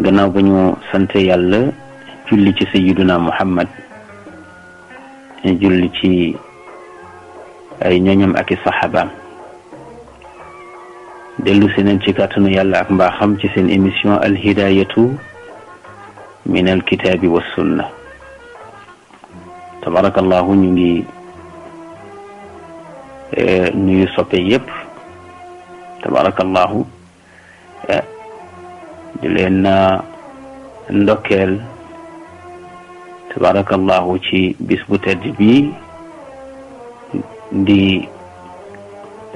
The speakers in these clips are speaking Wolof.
gannaaw ba ñu sant yàlla julli ci sayyiduna muhammad julli ci ay ñoñam ak i saxaabaam dellu si nañ ci kàttanu yàlla ak mbaaxam ci seen émission alhidayatu min alkitaabi wa sunna tabarakallahu ñu ngi eh, nuyu soppe yépp tabarakallahu eh, لأن ندوكل تبارك الله وشي بسبو تدبي دي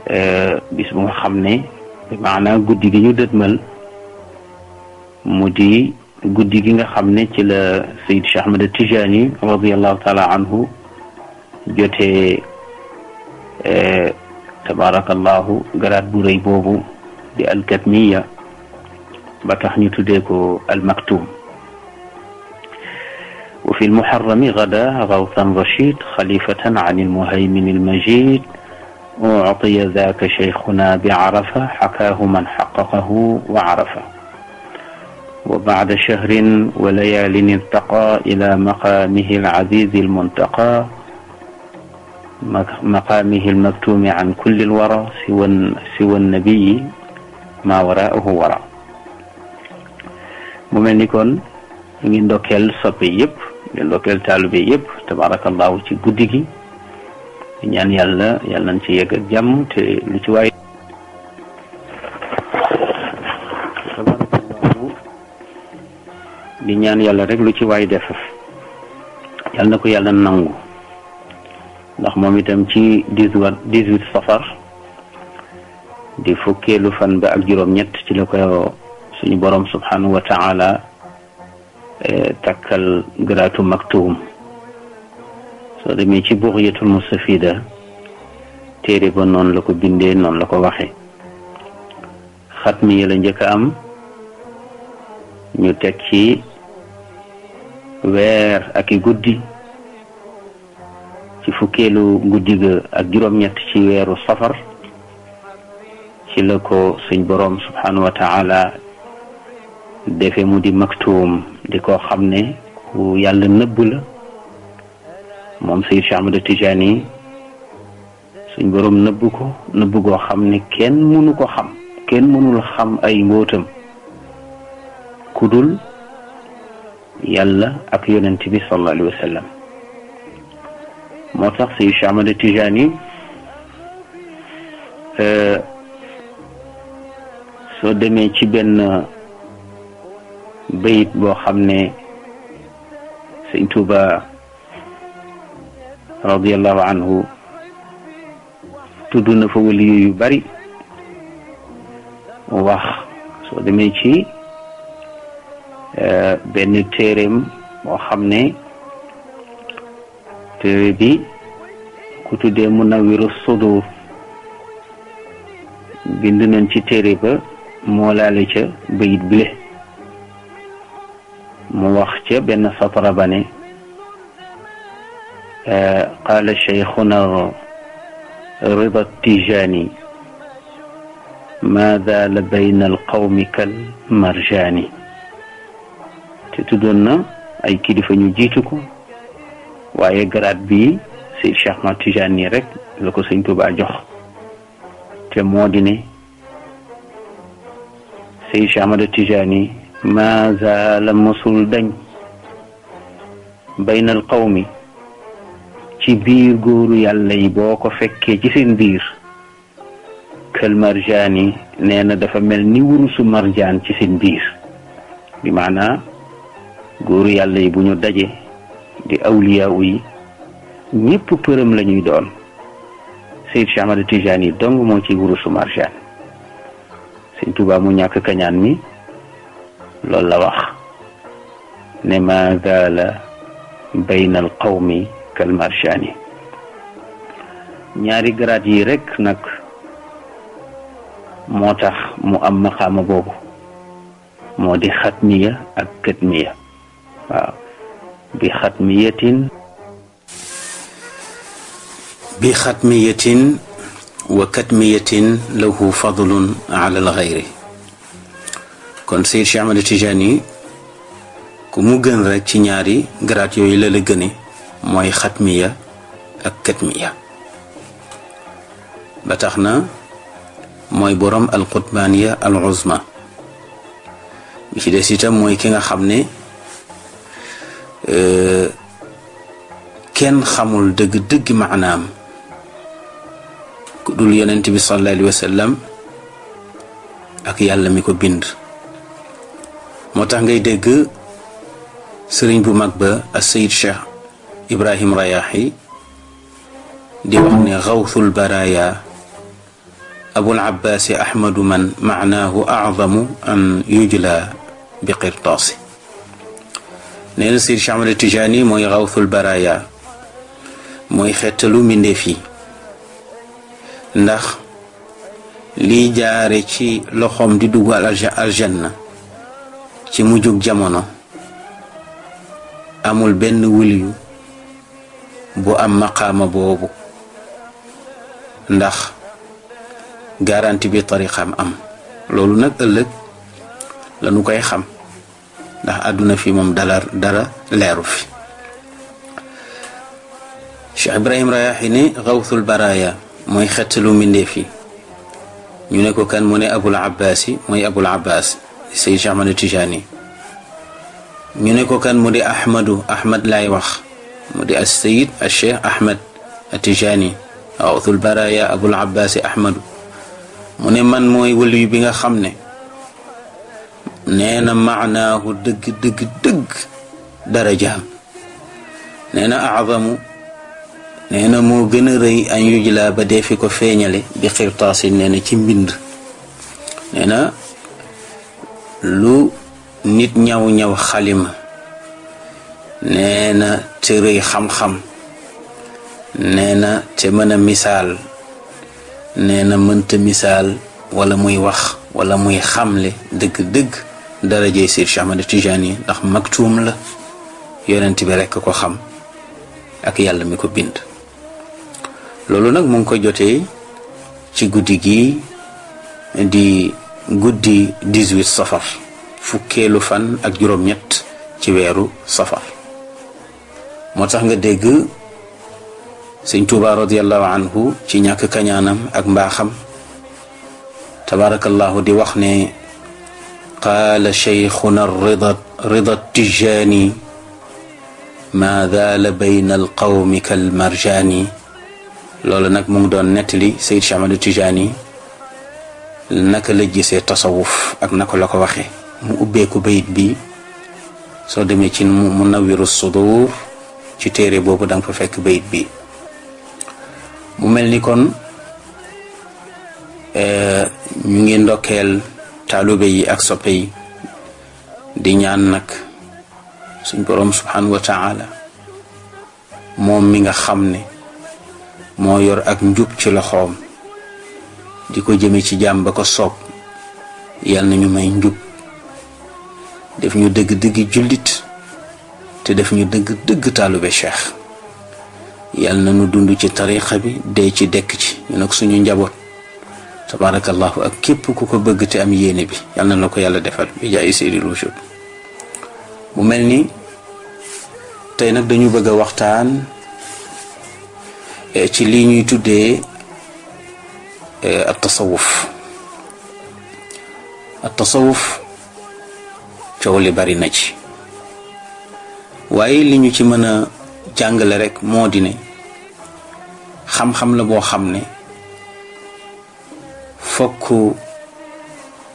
آه، بسبو مخمني بمعنى قد يجي يودد مل مدي قد يجي نخمني تلا سيد شحمد التجاني رضي الله تعالى عنه جوتي آه، تبارك الله قرار بوري بوبو بألكتنية ba tax ديكو المكتوم وفي المحرم غدا غوثا رشيد خليفة عن المهيمن المجيد أعطي ذاك شيخنا بعرفة حكاه من حققه وعرفه وبعد شهر وليال التقى إلى مقامه العزيز المنتقى مقامه المكتوم عن كل الورى سوى, سوى النبي ما وراءه وراءه mu mel ni kon ñu ngi ndokkeel soppe yëpp ñu ngi ndokkeel taalibe yëpp tabaarakallaahu ci guddi gi ñaan yàlla yàlla ci yegg ak jàmm te lu ci waay di ñaan yàlla rek lu ci waay def yàlla na ko yàlla nangu ndax moom itam ci dix-huit safar di fukkeelu fan ba ak juróom-ñett ci la ko suñu borom subhanahu wa taala eh, takkal garaatu maktuum soo demee ci buxyatul mustafida téere ba noonu la ko bindee noonu la ko waxe xatmi yi la am ñu teg ci weer ak i guddi ci fukkeelu guddi ga ak juróom-ñett ci weeru safar ci la ko suñ boroom subhanahu wa defé mu di maktuum di ku yàlla neubul mom moom Cheikh Ahmad tijani suñ borom neubuko neub go xamné kenn munu ko xam kenn munul xam ay ngotam kudul yàlla ak yonent bi sallallahu alayhi wasallam motax moo cheikh sayid tijani euh so demé ci ben bayit boo xam ne sëñ Tuuba radiallahu anhu tudd na fa waliyu yu bari wax soo demee ci eh, benn téeréem moo xam ne téere bi ku tuddee Munawwiru Sudur bind nañ ci téere ba moo laale ca bayit bile موخته بين سطر بني آه، قال شيخنا رضا التيجاني ماذا لبين القوم كالمرجاني تتدنى اي كده فنجيتكم وعي قراد بي سي الشيخ ما تيجاني رك لكو سنتو باجوخ تموديني سي الشيخ ما تيجاني ma zaala mosul dañ baynal qawmi ci biir góoru yàlla yi boo ko fekkee ci seen biir kël marjaani nee na dafa mel ni wurusu marjaan ci seen biir bi maanaa góoru yàlla yi bu ñu daje di awliyaaw yi ñëpp përëm lañuy doon Seyd Cheikh Tijaani yi dong moo ci wurusu marjaan Sëñ Tuubaa mu ñàkk kañaan mi لولا واخ لما زال بين القوم كالمارشاني نياري قراتي ريك نك موتخ مؤمخة مبوغو مودي ختمية أكتمية بختمية بختمية وكتمية له فضل على الغير kon Seydi Cheikh amadou Tidiane ku mu gën rek ci ñaari garaat yoy la la gëne moy khatmiya ak katmiya ba taxna moy borom al qutbaniya al uzma bi ci des itam mooy ki nga xamné euh ken xamul deug deug maanaam dul yonent bi sallallahu alayhi wasallam ak yàlla mi ko bind moo tax ngay dégg sëriñ bu mag ba as sayid cheikh ibrahim rayaxi di wax ne xawthul baraya abul abbaasi ahmadu man maanaahu acdamu an yujla bi qirtaasi nee na sayid cheikh ahmad tijaani mooy xawthul baraya mooy xettalu mbindeef ndax li jaare ci loxoom di dugg aljanna ci mujjug jamono amul benn wëliyu bu am maqaama boobu ndax garanti bi tariqaam am loolu nag ëllëg lañu koy xam ndax àdduna fi moom dara leeru fi Cheikh Ibrahim Rayahi ne baraaya mooy xettalu mbindéef fi ñu ne ko kan mu ne abul abbaas mooy abul abbaas Seydi Cheikh Ahmad Tijaani ñu ne ko kan mu di Ahmadu Ahmad laay wax mu di as Seyid as Cheikh Ahmad Tijaani awtul baraya abul abbaasi Ahmadu mu ne man mooy wëliyu bi nga xam ne nee na maanaahu dëgg dëgg dëgg darajaam nee na aadamu nee na moo gën a rëy an yujlaa ba dee fi ko feeñale bi xirtaasin nee ci mbind nee lu nit ñaw ñaw xalima nee na te rëy xam-xam nee na te mën misaal nee na mënta misaal walla muy wax walla muy xamle dëgg-dëgg darajey Seydi Cheikh Ahmad Tijaan yi ndax maktuum la yonent bi rekk ko xam ak yàlla mi ko bind loolu nag mu ko jotee ci guddi gi di guddi 18 safar fukkeelu fan ak juróom-ñett ci weeru safar moo tax nga dégg sëñ Tuuba radiallahu ci ñàkk kañaanam ak mbaaxam tabarakallahu di wax ne qaala cheikhuna rida rida tijaani maa daala bayna alqawmi kalmarjaani loolu nag mu ngi doon nettali sayid Cheikh Tijaani naka la gisee tasawuf ak naka la ko waxee mu ubbeeku bayit bi soo demee ci mu mu nawiru sudur ci téere boobu danga fa fekk bayit bi mu mel ni kon eh, ñu ngi ndokkeel taalube yi ak soppe yi di ñaan nag suñ boroom subhanahu wa moom mi nga xam ne moo yor ak njub ci loxoom di ko jëme ci jaam ba ko soob yàlla na ñu may njub def ñu dëgg dëgg jullit te def ñu dëgg dëgg taalube cheikh yàlla na ñu dund ci tariqa bi dee ci dekk ci ñu nag suñu njaboot tabaarakallahu ak képp ku ko bëgg te am yéene bi yàlla na la ko yàlla defar bi jaay seydil wujud mu mel ni tey nag dañu bëgg a waxtaan eh, ci lii ñuy tuddee Eh, ak tasawuf ak tasawuf coow li bari na ci waaye li ñu ci mën a jàngale rekk moo di ne xam-xam la boo xam ne fokk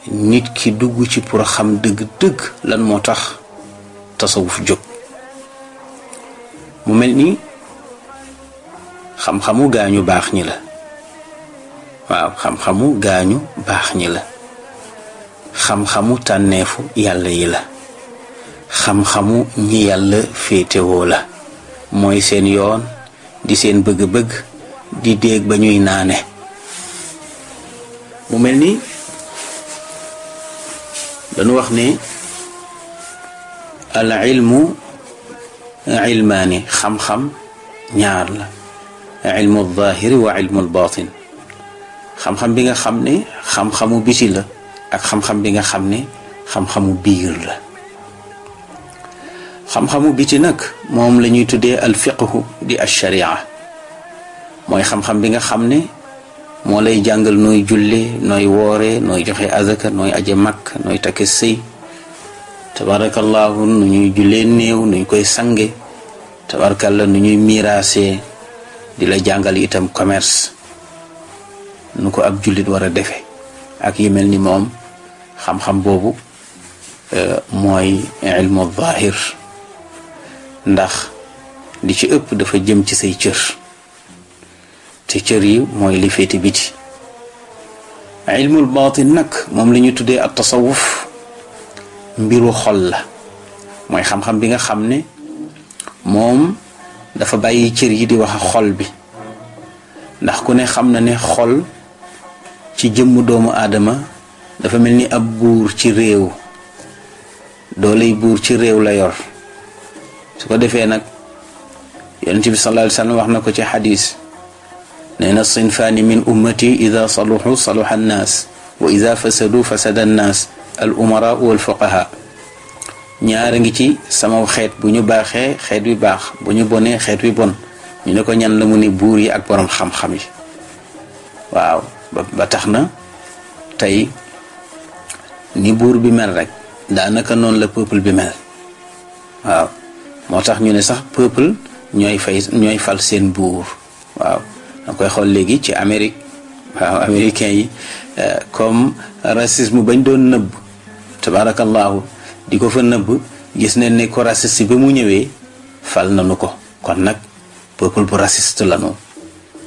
nit ki dugg ci pour xam dëgg-dëgg lan moo tax tasawuf jóg mu mel ni xam-xamu ñu baax ñi la waaw xam-xamu gaañu baax ñi la xam-xamu tànneefu yàlla yi la xam-xamu ñi yàlla féetewoo la mooy seen yoon di seen bëgg-bëgg di déeg ba ñuy naane mu mel ni dañu wax ne al ilmu ilmaani xam-xam ñaar la ilmu al zahiri wa ilmu al batin xam-xam bi nga xam ne xam-xamu bisi la ak xam-xam bi nga xam ne xam-xamu biir la xam-xamu biti nag moom lañuy ñuy tuddee alfiqhu di alcharia mooy xam-xam bi nga xam ne moo lay jàngal nooy julle nooy woore nooy joxe azaka nooy aje makk nooy takke sëy tabarakallahu nu ñuy jullee néew nu ñu koy sange tabarakalla nu ñuy miraasee di la jàngal itam commerce nuko ko ab jullit war defe ak yi melni mom moom xam-xam boobu moy ilmu zahir ndax li ci ëpp dafa jëm ci say cër ci cër yi moy li féete biti ilmul baatin nag moom la ñu tuddé at tasawuf mbiru xol la moy xam-xam bi nga xamné mom dafa bàyyi cër yi di wax xol bi ndax ku ne xam na ne xol ci jëmm doomu aadama dafa mel ni ab buur ci réew dooley buur ci réew la yor su ko defee nag yonent bi sallallahu alayhi wax na ko ci xadis nee na sinfaani min ummati ida saluxu saluxa annaas wa ida fasadu fasada annaas al umaraa wal fuqahaa ñaar a ngi ci sama xeet bu ñu baaxee xeet wi baax bu ñu bonee xeet wi bon ñu ne ko ñan la mu buur yi ak boroom xam-xam yi waaw ba ba tax na tey ni buur bi mel rek daanaka noonu la peuple bi mel waaw moo tax ñu ne sax peuple ñooy fay ñooy fal seen buur waaw da koy xool léegi ci Amérique waaw américains yi euh, comme racisme bañ doon nëbb tabaarakallaahu di ko fa nëbb gis nañ ne ko raciste ba mu ñëwee fal nañu ko kon nag peuple bu raciste lañu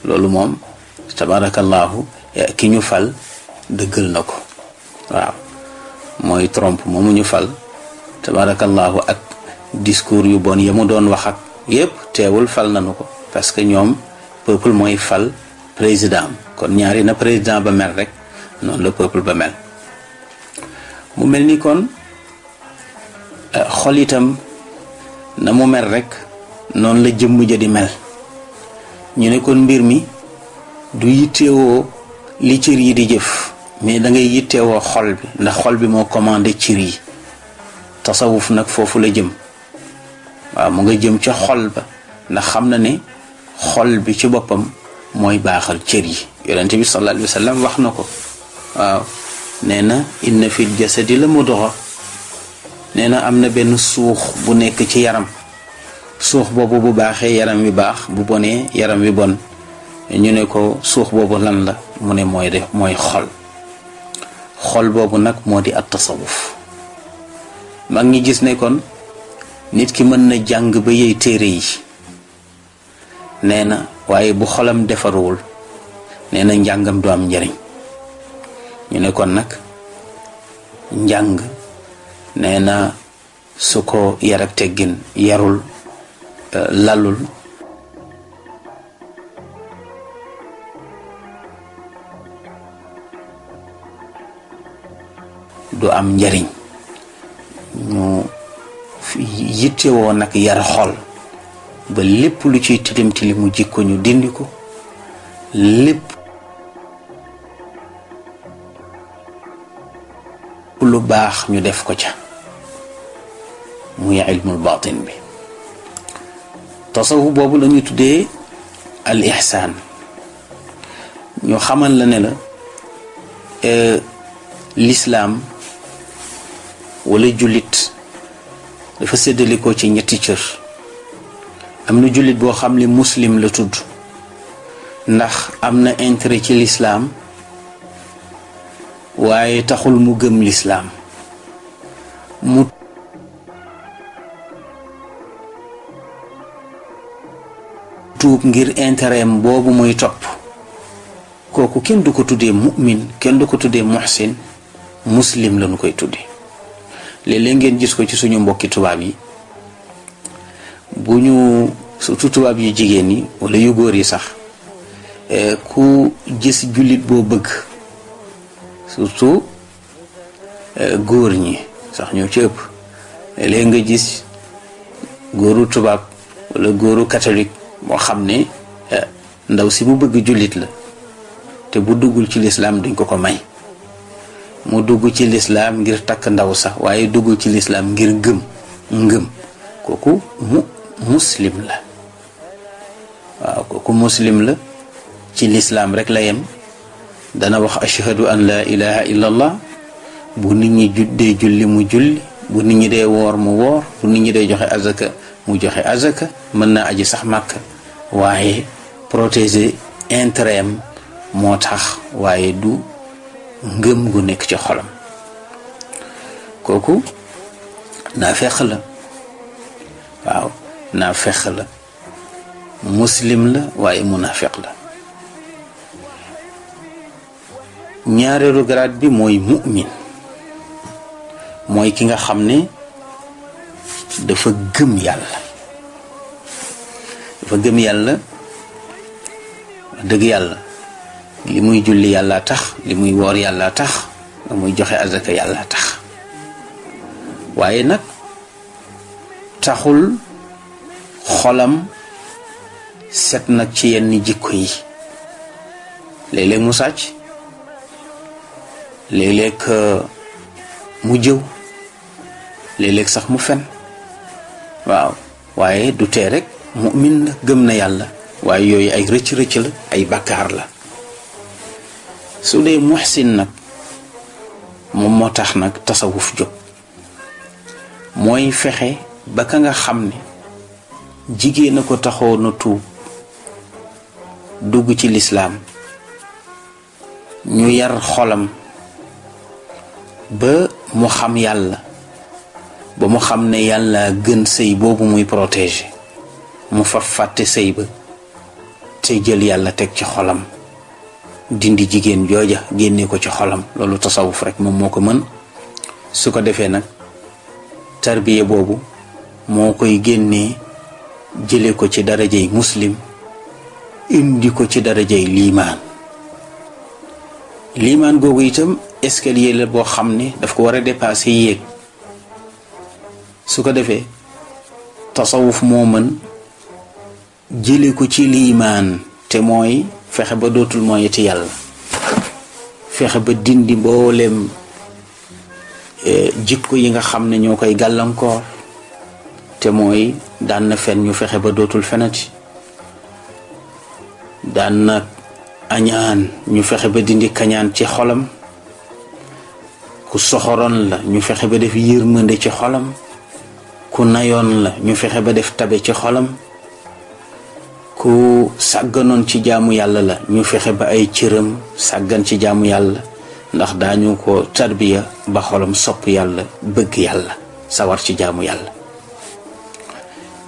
loolu moom tabaarakallaahu ki ñu fal dëggal na ko waaw mooy Trump moomu ñu fal tabarakallahu ak discours yu bon ya mu doon wax ak yépp teewul fal nañu ko parce que ñoom peuple mooy fal président kon ñaari na président ba mel rek noonu la peuple ba mel mu mel ni kon eh, xol itam na mu mel rek noonu la jëmm ja di mel ñu ne kon mbir mi du yittewoo li cër yi di jëf mais da ngay yittewoo xol bi ndax xol bi moo commandé cër yi tasawuf nag foofu la jëm waaw mu nga jëm ca xol ba ndax xam na ne xol bi ci boppam mooy baaxal cër yi yonente bi sallallahu alayhi wa sallam wax na ko waaw nee na inna fil jasadi la mudra nee na am na benn suux bu nekk ci yaram suux boobu bu baaxee yaram wi baax bu bonee yaram wi bon ñu ne ko suux boobu lan la mu ne mooy def mooy xol xol boobu nag moo di at tasawuf mag ñi gis ne kon nit ki mën na jàng ba yey téere yi nee na waaye bu xolam defaruwul nee na njàngam du am njariñ ñu ne kon nag njàng nee na su ko yar ak teggin yarul lalul lu am njariñ ñu yitte woo nag yar xol ba lépp lu ciy tilim tilimu jikko ñu dindi ko lépp lu baax ñu def ko ca muy ilmul baatin bi tasawuf boobu la tuddee al ihsaan ñu xamal la ne la eh, lislaam wala jullit dafa séddalikoo ci ñetti cër am na jullit boo xam ne muslim la tudd ndax am na intérêt ci lislaam waaye taxul mu gëm lislaam mu tuub ngir intérêt boobu muy topp kooku kenn du ko tuddee mu'min kenn du ko tuddee muhsin muslim lanu koy tuddee léeg-léeg ngeen gis ko ci suñu mbokki tubaab yi bu ñu surtout tubaab yu jigéen yi walla yu góor yi sax eh, ku gis jullit boo bëgg surtout eh, góor ñi sax ñoo ci ëpp léeg nga gis góoru tubaab walla góoru katolik moo xam ne eh, ndaw si mu bëgg jullit la te bu duggul ci lislaam duñ ko ko may mu dugg ci lislaam ngir takk ndaw sax waaye dugg ci lislaam ngir gëm ngëm kooku mu muslim la waaw kooku muslim la ci lislaam rek la yem dana wax ashhadu an laa ilaha illa bu nit ñi dee julli mu julli bu nit ñi dee woor mu woor bu nit ñi dee joxe azaka mu joxe azaka mën naa aji sax màkk waaye protégé intérêt am moo tax waaye du ngëm gu nekk ci xolam kooku naa fex la waaw naa fex la muslim la waaye munaafiq la ñaareelu grade bi mooy mu'min mooy ki nga xam ne dafa gëm yàlla dafa gëm yàlla dëgg yàlla li muy julli yàlla tax li muy woor yàlla tax la muy joxe azaka yàlla tax waaye nag taxul xolam set nag ci yenn jikko yi léeg-léeg mu sàcc léeg-léeg euh, mu jëw léeg-léeg sax mu fen waaw waaye du tee rek mu'min gëm na yàlla waaye yooyu ay rëcc rëcc la ay bàkkaar la su dee muxsin nag moom moo tax nag tasawuf jóg mooy fexe ba ka nga xam ne jigéen a ko taxoon a tuub dugg ci lislaam ñu yar xolam ba mu xam yàlla ba mu xam ne yàlla gën sëy boobu muy protéger mu fa fàtte sëy ba te jël yàlla teg ci xolam dindi jigéen jooja génne ko ci xolam loolu tasawuf rek moom moo ko mën su ko defee nag tarbiya boobu moo koy génne jële ko ci darajay muslim indi ko ci darajay liimaan liimaan googu itam escalier la boo xam ne daf ko war a dépasser yéeg su ko defee tasawuf moo mën jële ko ci liimaan te mooy fexe ba dootul mooy ci yàlla fexe ba dindi mboolem jikko yi nga xamne ñokay galam ko te moy dan na fenn ñu fexe ba dootul fenati dan na añaan ñu fexe ba dindi kañaan ci xolam ku soxoron la ñu fexe ba def yërmande ci xolam ku nayon la ñu fexe ba def tabe ci xolam ku sàgganoon ci jaamu yàlla la ñu fexe ba ay cëram sàggan ci jaamu yàlla ndax daañu ko tarbiya ba xolam sopp yàlla bëgg yàlla sawar ci jaamu yàlla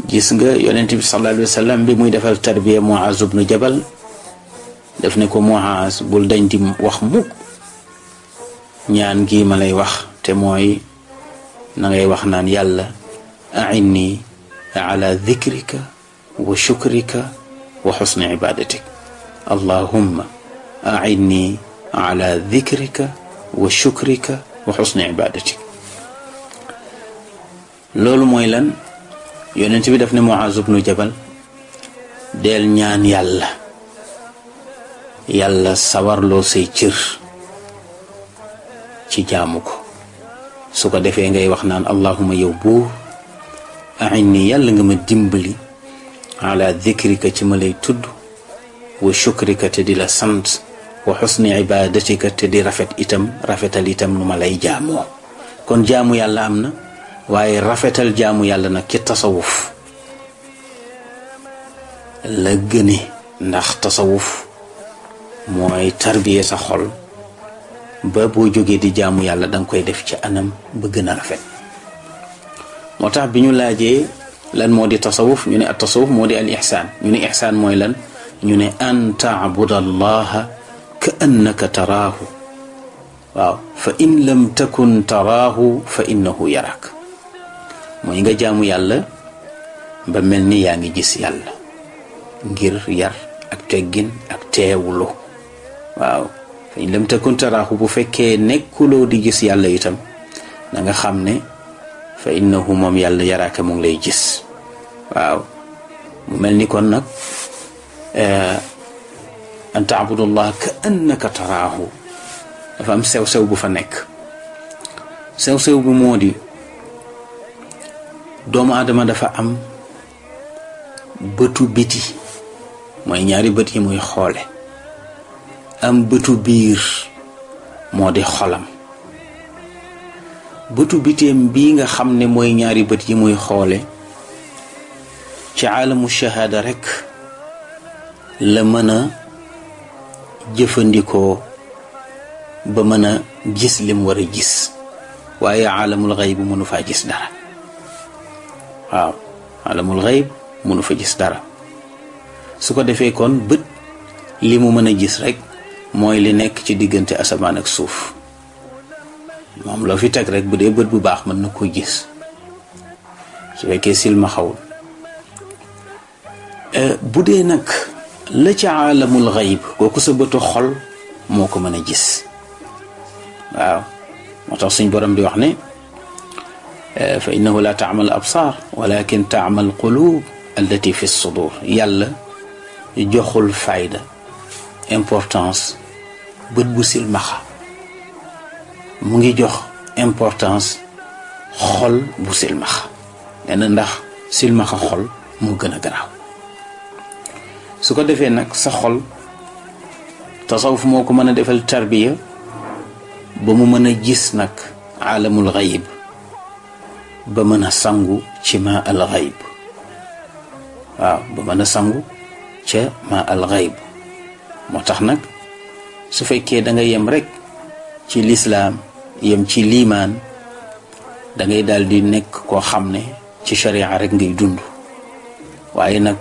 gis nga yonent bi sallallahu alayhi bi muy defal tarbiya Muaz ibnu Jabal def ne ko Muaz bul dañ di wax mukk ñaan gii ma lay wax te mooy na ngay wax naan yàlla ainni ala dhikrika wa shukrika wa xusni cibaadatik allahumma acinni ala dikrika wa shukrika wa xusni cibaadatik loolu mooy lan yonent bi daf ne Muaaz ibnu Jabal deel ñaan yàlla yàlla sawarloo say cër ci jaamu ko su ko defee ngay wax naan allahuma yow buur ain ni yàlla nga ma dimbali ala dikrika ci ma lay tudd wa shukrika te di la sant wa xusni ibadatika te di rafet itam rafetal itam nu ma lay jaamoo kon jaamu yàlla am na waaye rafetal jaamu yàlla nag ci tasawuf la gëne ndax tasawuf mooy tarbiye sa xol ba boo jógee di jaamu yàlla danga koy def ci anam ba gën a rafet moo tax bi ñu laajee lan moo di tasawuf ñu ne at tasawuf moo di ñu ne mooy lan ñu ne an taabuda allaha ka annaka taraahu waaw fa in lam takun taraahu fa innahu yaraak mooy nga jaamu yàlla ba mel ni yaa ngi gis yàlla ngir yar ak teggin ak teewlu waaw fa in lam takun taraahu bu fekkee nekkuloo di gis yàlla itam na nga xam ne fa innahu moom yàlla yaraaka mu lay gis waaw mu mel ni kon nag eh, an taabudullah ka annaka taraahu dafa am sew-sew bu fa nekk sew-sew bu moo di doomu aadama dafa am bëtu biti mooy ñaari bët yi muy xoole am bëtu biir moo di xolam bëtu biteem bii nga xam ne mooy ñaari bët yi muy xoole ci aalamu shahaada rekk la mën a jëfandikoo ba mën a gis lim war a gis waaye aalamul xayb mënu faa gis dara waaw aalamul xayb mënu fa gis dara su ko defee kon bët li mu mën a gis rek mooy li nekk ci diggante asamaan ak suuf moom loo fi teg rek bu dee bët bu baax mën na koo gis su fekkee silmaxawul bu dee nag la ca aalamul xayib kooku sa bëtu xol moo ko mën a gis waaw moo tax suñ borom di wax ne fa innahu la taamal absar walakin taamal qulub allati fi sudur yàlla joxul fayda importance bët bu silmaxa mu ngi jox importance xol bu silmaxa nee na ndax silmaxa xol moo gën a garaaw su ko defee nag sa xol tasawuf moo ko mën a defal tarbiya ba mu mën a gis nag aalamul xayib ba mën a sangu ci ma al xayib mën a sangu ca ma moo tax nag su fekkee danga yem rekk ci lislaam yem ci liimaan dangay ngay di nekk koo xam ne ci sharia rek ngay dund waaye nag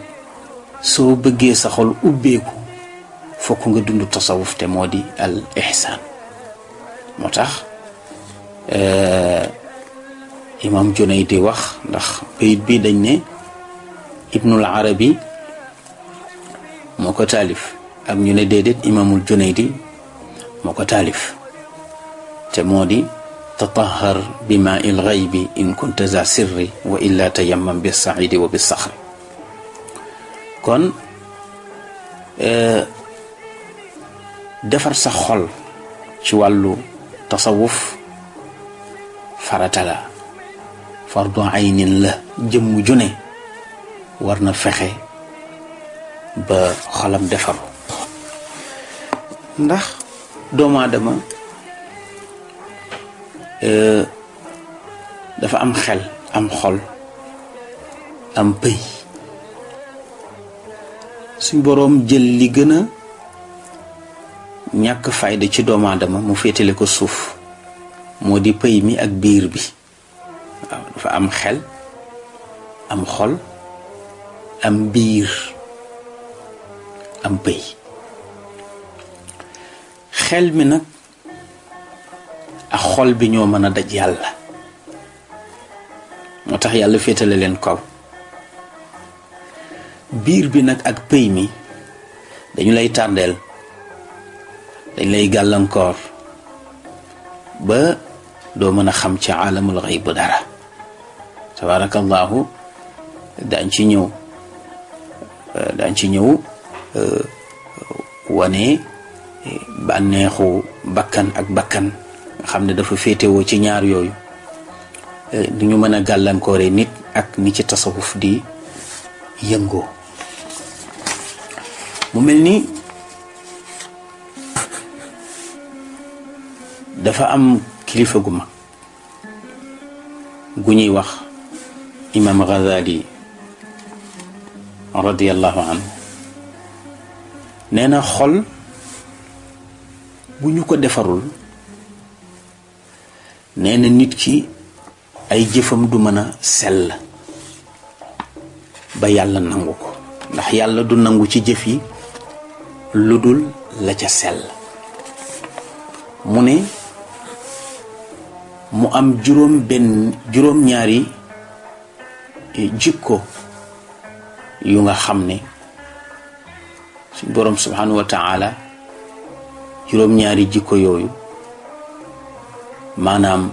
soo bëggee sa xol ubbeeku fokk nga dund tasawuf te moo di al ihsan moo tax imam Junayd di wax ndax bayit bi dañ ne ibnul arabi moo ko taalif am ñu ne déedéet imamul Junayd di moo ko taalif te moo di tatahar bi maa il ghaybi in kunta za sirri wa illa kon defar sa xol ci wàllu tasawuf farata la fardu aynin la jëmm ju ne war na fexe ba xolam defaru ndax doomu aadama dafa am xel am xol am pëy suñ boroom jël li gën a ñàkk fayda ci doomu aadama mu féetale ko suuf moo di pëy mi ak biir bi dafa am xel am xol am biir am pëy xel mi nag ak xol bi ñoo mën a daj yàlla moo tax yàlla féetale leen kaw biir bi nag ak pëy mi dañu lay tàrdeel dañ lay gàllankoor ba doo mën a xam ci aalamul xayb dara tabaarakallaahu daañ ci ñëw daañ ci ñëw wane bànneexu bakkan ak bakkan xam ne dafa féetewoo ci ñaar yooyu du ñu mën a gàllankoore nit ak ni ci tasawuf di yëngoo mu melni dafa am kilifa guma mag wax imam Ghazali radiyallahu anhu neena xol buñu ko defarul neena nit ki ay jëfëm du mëna sel ba yàlla nangu ko ndax yàlla du nangu ci jëf yi lu dul la ca sell mu ne mu am juróom benn juróom ñaari e, jikko yu nga xam ne suñ boroom subhanahu wa juróom ñaari jikko yooyu maanaam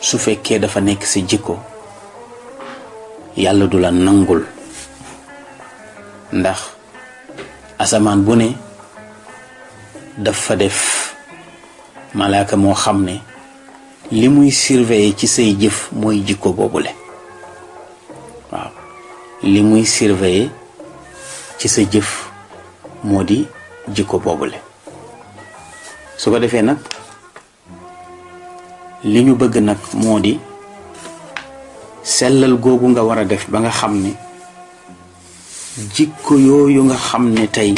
su fekkee dafa nekk si jikko yàlla du la nangul ndax asamaan bu ne dafa def malaaka moo xam ne li muy surveiller ci say jëf mooy jikko boobule waaw li muy surveiller ci sa jëf moo di jikko su ko defee nag li ñu bëgg nag moo di sellal googu nga war a def ba nga xam ne jikko yooyu nga xam ne tey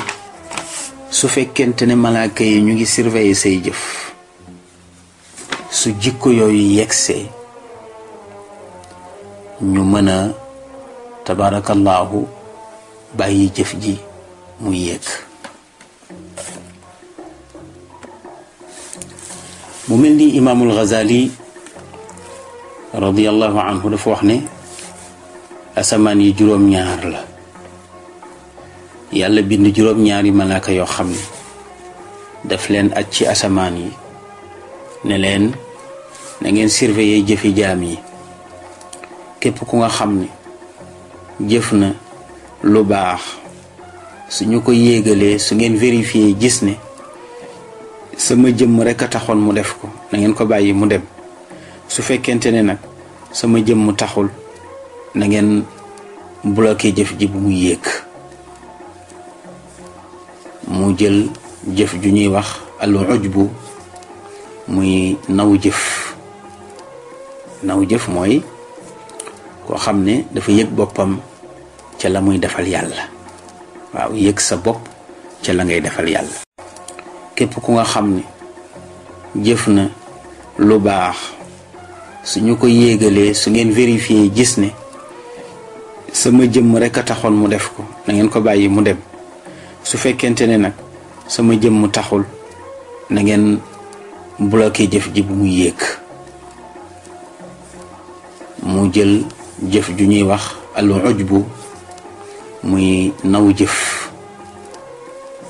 su fekkent ne malaaka yi ñu ngi surveiller say jëf su jikko yooyu yegsee ñu mën a tabaarakallaahu bàyyi jëf ji mu yéeg mu mel ni imaamul Ghazali radiyallahu anhu dafa wax ne asamaan yi juróom-ñaar la yàlla bind juróom ñaari malaaka yoo xam ne def leen aj ci asamaan yi ne leen na ngeen surveiller jëfe jaam yi képp ku nga xam ni jëf na lu baax su ñu ko yéegalee su ngeen vérifier gis ne sama jëmm rek a taxoon mu def ko na ko bàyyi mu dem su fekkente ne nag sama jëmm taxul na ngeen bloqué jëf ji mu yéeg mu jël jëf ju ñuy wax al ujbu muy naw jëf naw jëf mooy koo xam ne dafa yëg boppam ca la muy defal yàlla waaw yëg sa bopp ca la ngay defal yàlla képp ku nga xam ne jëf na lu baax su ñu ko yéegalee su ngeen vérifier gis ne sama jëmm rek a taxoon mu def ko na ngeen ko bàyyi mu dem su fekkente ne nag sama jëm mu taxul nangeen ngeen bloqué jëf ji bu mu yéeg mu jël jëf ju ñuy wax al ujbu muy naw jëf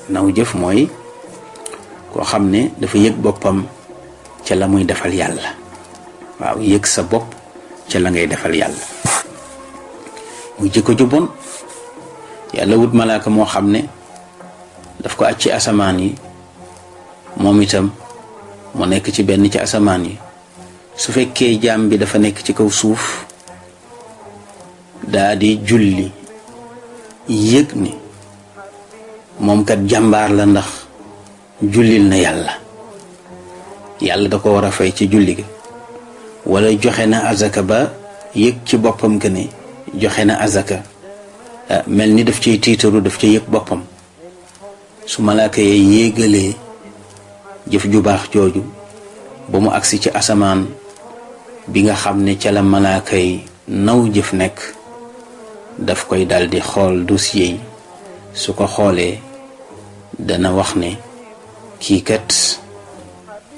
naw jëf mooy koo xam ne dafa yëg boppam ca la muy defal yàlla waaw yëg sa bopp ca la ngay defal yàlla muy jikko ju bon yàlla wut malaaka moo xam ne daf ko aj ci asamaan yi moom itam mu nekk ci benn ci asamaan yi su fekkee jaam bi dafa nekk ci kaw suuf daa di julli yëg ni moom kat jàmbaar la ndax jullil na yàlla yàlla da ko war a fay ci julli gi wala joxe na asaka ba yëg ci boppam que ne joxe na asaka ah, mel ni daf cay tiitaru daf cay yëg boppam su malaaka yee yéegalee jëf ju baax jooju ba mu agsi ci asamaan bi nga xam ne ca la malaaka yi naw jëf nekk daf koy daldi xool dossier yi su ko xoolee dana wax ne kii kat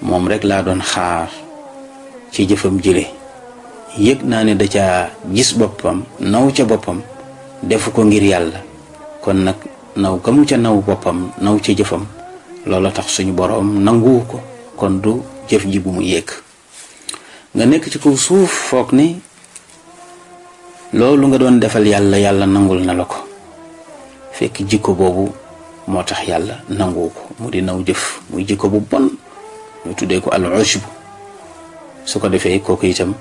moom rekk laa doon xaar ci jëfam jile yëg naa ne da ca gis boppam naw ca boppam defu ko ngir yàlla kon nag naw ga ca naw boppam naw ca jëfam loola tax suñu boroom nanguwu ko kon du jëf ji bu mu yéeg nga nekk ci ko suuf foog ni loolu nga doon defal yàlla yàlla nangul na la ko fekk jikko boobu moo tax yàlla nanguwu ko mu di naw jëf muy jikko bu bon ñu tuddee ko al ujub su ko defee kooku yitam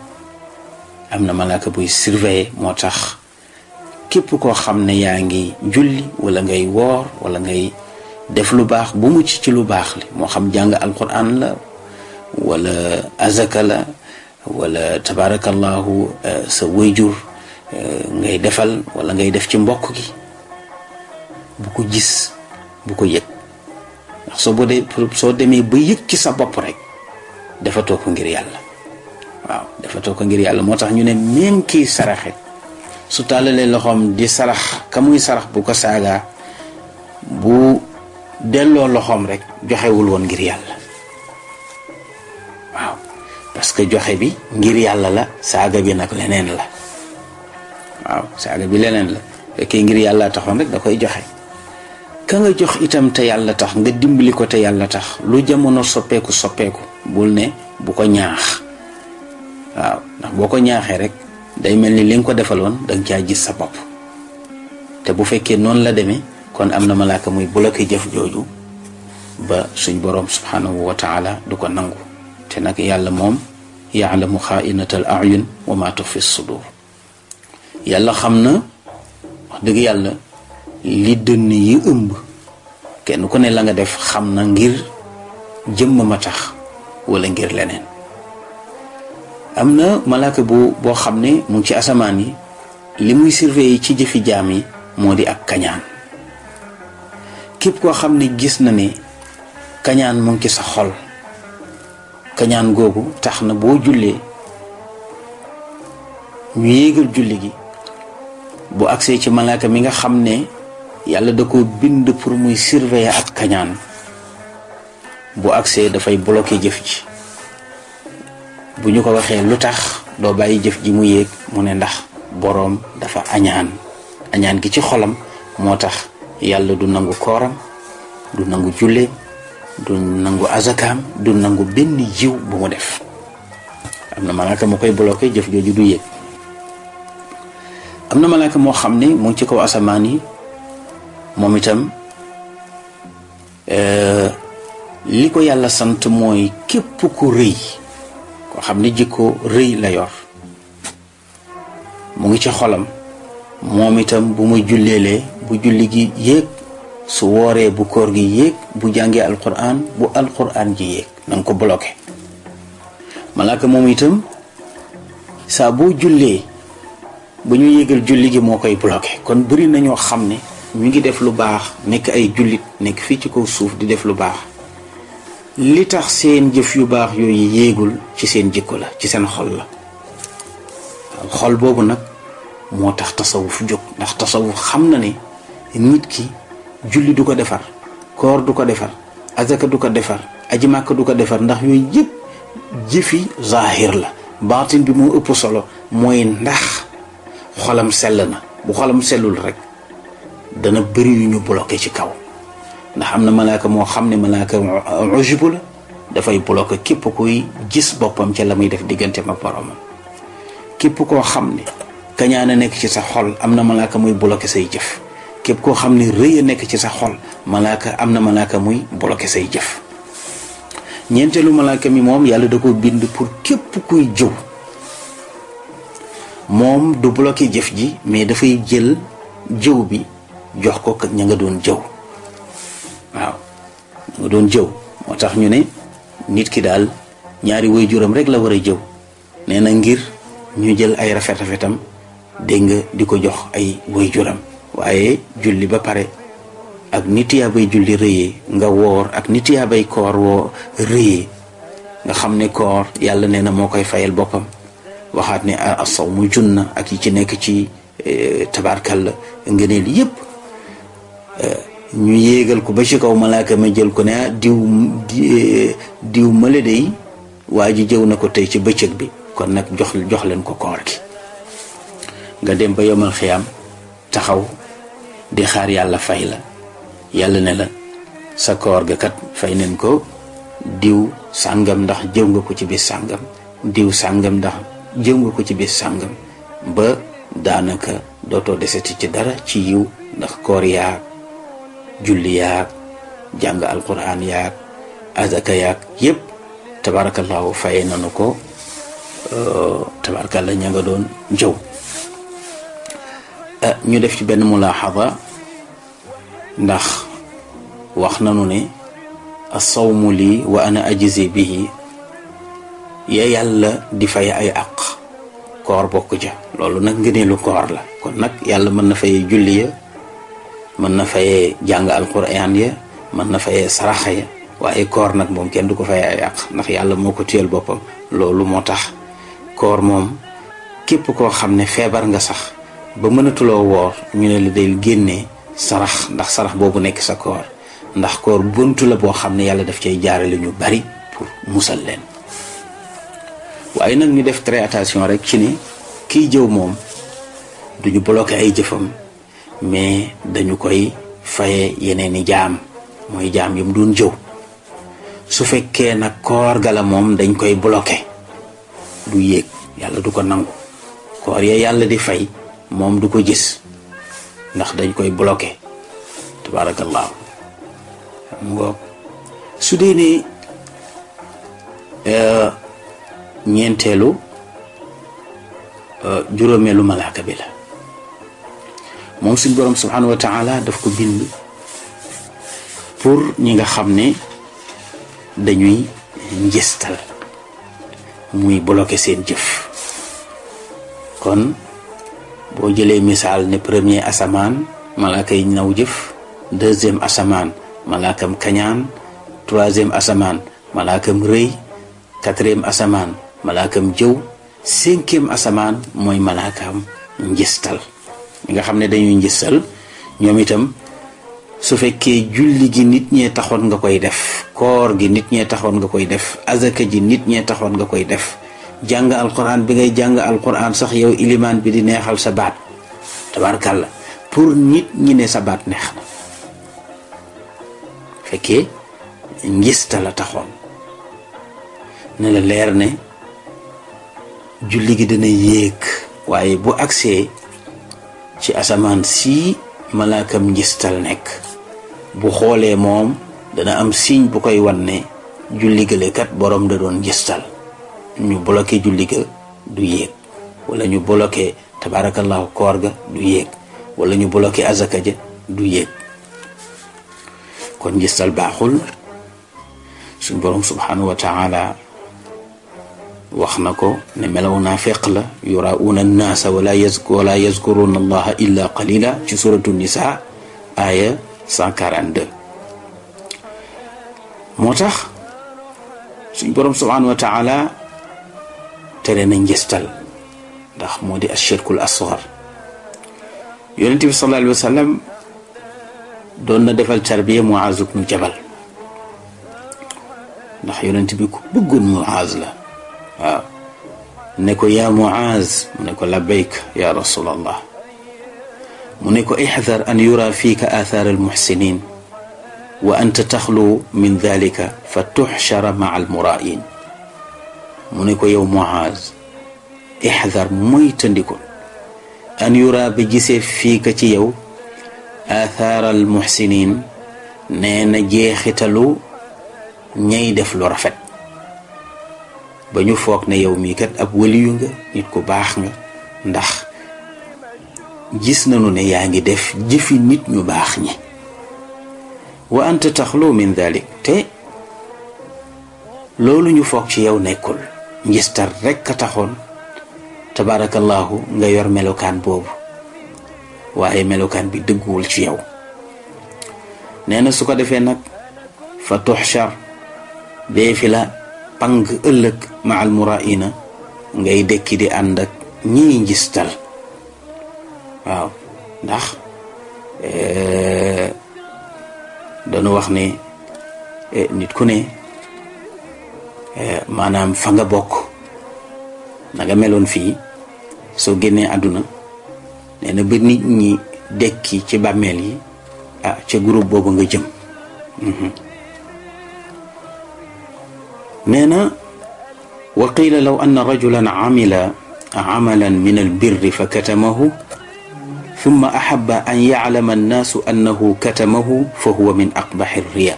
am na malaaka buy surveiller moo tax képp koo xam ne yaa ngi njulli walla ngay woor wala ngay def lu baax bu mucc ci lu baax le moo xam jàng alquran la walla azaka la wala tabaarakallahu eh, sa wayjur eh, ngay defal wala ngay def ci mbokk gi bu ko gis bu ko yëg ndax soo bu dee soo demee ba yëg ci sa bopp rek defatoo ko ngir yàlla waaw dafa ko ngir yàlla moo tax ñu ne même kii saraxe su tàllalee loxoom di sarax ka muy sarax bu ko saagaa bu delloo loxoom rek joxewul woon ngir yàlla waaw parce que joxe bi ngir yàlla la saaga bi nag leneen la waaw saaga bi leneen la fekkee ngir yàlla taxoon rek da koy joxe ka nga jox itam te yàlla tax nga dimbali ko te yàlla tax lu jamono soppeeku soppeeku bul ne bu ko ñaax waaw ndax boo ko ñaaxee rek day mel ni li ko defaloon danga caa gis sa bopp te bu fekkee noonu la demee kon am na malaaka muy bloqué jëf jooju ba suñ boroom subhanahu wa du ko nangu te nag yàlla moom yaalamu xaainatal ayun wa ma tuxfi sudur yàlla xam na dëgg yàlla li dënn yi ëmb kenn ku ne la nga def xam na ngir jëmm ma tax wala ngir leneen am na malaaka bu boo xam ne mu ci asamaan yi li muy surveiller ci jëfi jaam yi moo di ak kañaan képp koo xam ne gis na ne kañaan mu ki sa xol kañaan googu tax na boo jullee ñu yéegal julli gi bu agsee ci malaaka mi nga xam ne yàlla da ko bind pour muy surveiller ak kañaan bu agsee dafay bloquer jëf ji bu ko waxee lutax do bayyi jëf ji mu mu ne ndax borom dafa añaan añaan gi ci xolam motax yalla du nangu koram du nangu julleem du nangu azakam du nangu benn jiw bu mu def amna malaka mo mu koy bloqué jëf joju du yéeg amna malaka mo moo mo ci euh, ko asamani ku ko xamni jikko reuy la yor mu ngi ci xolam momitam bu mu jullele bu julli gi yek su woré bu koor gi yek bu jangé alquran bu alquran gi yek nang ko bloqué malaka momitam sa bu julle bu ñu yegal julli gi mo koy bloqué kon buri nañu hamne. ñu ngi def lu baax nek ay julit Nek fi ci ko suuf di def lu baax li tax seen jëf yu baax yooyu yéegul ci seen jikko la ci seen xol la waaw xol boobu nag moo tax tasawuf jóg ndax tasawuf xam na ne nit ki julli du ko defar koor du ko defar azaka du ko defar aji màkk du ko defar ndax yooyu yëpp jëfi zahir la baatin bi moo ëpp solo mooy ndax xolam sell na bu xolam sellul rek dana bëri yu ñu bloqué ci kaw ndax am na malaaka moo xam ne malaaka ujubu la dafay bloqué képp kuy gis boppam ca la muy def diggante ma boromam képp koo xam ne kañaan nekk ci sa xol am na malaaka muy bloqué say jëf képp koo xam ne rëy nekk ci sa xol malaaka am na malaaka muy bloqué say jëf ñeenteelu malaaka mi moom yàlla da ko bind pour képp kuy jëw moom du bloqué jëf ji mais dafay jël jëw bi jox ko ña nga doon jëw waaw nga doon jëw moo tax ñu ne nit ki daal ñaari way juram rek la war a jëw nee na ngir ñu jël ay rafet rafetam dégg nga di ko jox ay way juram waaye julli ba pare ak nit yaa bay julli rëyee nga woor ak nit yaa bay koor woo rëyee nga xam ne koor yàlla nee na moo koy fayal boppam waxaat ne asaw mu junna ak yi ci nekk ci eh, tabaarkal la ngëneel yépp eh, ñu yéegal ko ba ci kaw malaaka a jël ko ne ah, diw e, diw mala day waa ji jëw na ko tey ci bëccëg bi kon nag jox jox leen ko koor gi nga dem ba yomal xiyaam taxaw di xaar yàlla fay la yàlla ne la sa koor ga kat fay neen ko diw sàngam ndax jëw nga ko ci biir sàngam diw sàngam ndax jëw ko ci bis sàngam ba daanaka dootoo deseti ci dara ci yiw ndax koor yaa julli yaag jàng alquran yaag azaka yaag yëpp tabarakallahu faye nanu ko euh, tabarakallah ña nga doon jëw euh, ñu def ci benn mulaaxada ndax wax nanu ne asawmu lii wa ana ajizi bihi ya yàlla di fay ay aq koor bokk ja loolu nag ngëneelu koor la kon nag yàlla mën na fay julli ya mën na fayee jàng alquran ya mën na fayee saraxa ya waaye koor nag moom kenn du ko fayee ay àq ndax yàlla moo ko téyel boppam loolu moo tax koor moom képp koo xam ne feebar nga sax ba mënatuloo woor ñu ne la day génnee sarax ndax sarax boobu nekk sa koor ndax koor buntu la boo xam ne yàlla def cay jaarale ñu bari pour musal leen waaye nag ñu def très attention rek ci ni kiy jëw moom duñu bloqué ay jëfam mais dañu koy faye yeneeni i jaam mooy jaam yum doon jëw su fekkee nag koor gala moom dañ koy bloqué du yéeg yàlla du ko nangu koor ya yàlla di fay moom du ko gis ndax dañ koy bloqué tabaarakallaahu xam nga su dee ne euh, ñeenteelu euh, juróomeelu malaaka bi la moom suñ borom subhanahu wa taala daf ko bind pour ñi nga xam ne dañuy njëstal muy bloqué seen jëf kon boo jëlee misaal ne premier asamaan malaaka yi naw jëf deuxième asamaan malaakam kañaan troisième asamaan malaakam rëy quatrième asamaan malaakam jëw cinquième asamaan mooy malaakam njëstal nga xamne dañuy ngissal ñom itam su fekke julli gi nit ñe taxone nga koy def koor gi nit ñe taxone nga koy def azaka ji nit ñe taxone nga koy def jang alquran bi ngay jang alquran sax yow iliman bi di neexal sa baat tabarakallah pour nit ñi ne sa baat neex na fekkee ngista la taxone ne la leer ne julli gi dana yek waye bu agsee ci asamaan si malaakam njistal nekk bu xoolee moom dana am signe bu koy wanne ne julligale kat boroom da doon njistal ñu bloqué julliga du yéeg wala ñu bloqué tabaarakallaahu koor ga du yéeg wala ñu bloqué azaka ja du yéeg kon njistal baaxul suñ boroom subhanahu wa وخناكو نملو نافق لا يراؤون الناس ولا يذكر ولا يذكرون الله الا قليلا في سوره النساء ايه 142 موتاخ سي بروم سبحانه وتعالى ترينا نجستال داخ مودي الشرك الاصغر يونتي صلى الله عليه وسلم دون ندفل تربيه معاذ من جبل داخ يونتي بي بغون معاذ waaw ah. ne ko yaa Muaaz mu ne ko labbayk yaa rasulallah mu ne ko ixdar an yura fiika aathaar almuxsinin wa anta taxlu min dalika fa tuxshara maa almuraayin mu ne ko yow Muaaz ixdar mooy tandiko an yura ba gisee fiika ci yow aathaar almuxsinin ne na jeexitalu ñay def lu rafet ba ñu foog ne yow mii kat ab waliyu nga nit ku baax nga ndax gis nañu ne yaa ngi def jëfi nit ñu baax ñi wa anta taxlu min dalik te loolu ñu foog ci yow nekkul ngistar rekk a taxoon tabaarakallaahu nga yor melokaan boobu waaye melokaan bi dëgguwul ci yow nee su ko defee nag fa tuxchar dee fi la pang ëlëk ma al muraina ngay dekki di ànd ak ñi ngistal waaw ndax eh, dañu wax ne eh, nit ku ne eh, maanaam fa nga bokk na nga meloon fii soo génnee àdduna nee na nit ñi dekki ci bàmmeel yi ah ca groupe boobu nga jëm mhm. nee na wa qiila law anna rajulan amila amalan min albirri fa katamahu summa ahaba an yaclama annaasu annahu katamahu fa huwa min aqbaxi riya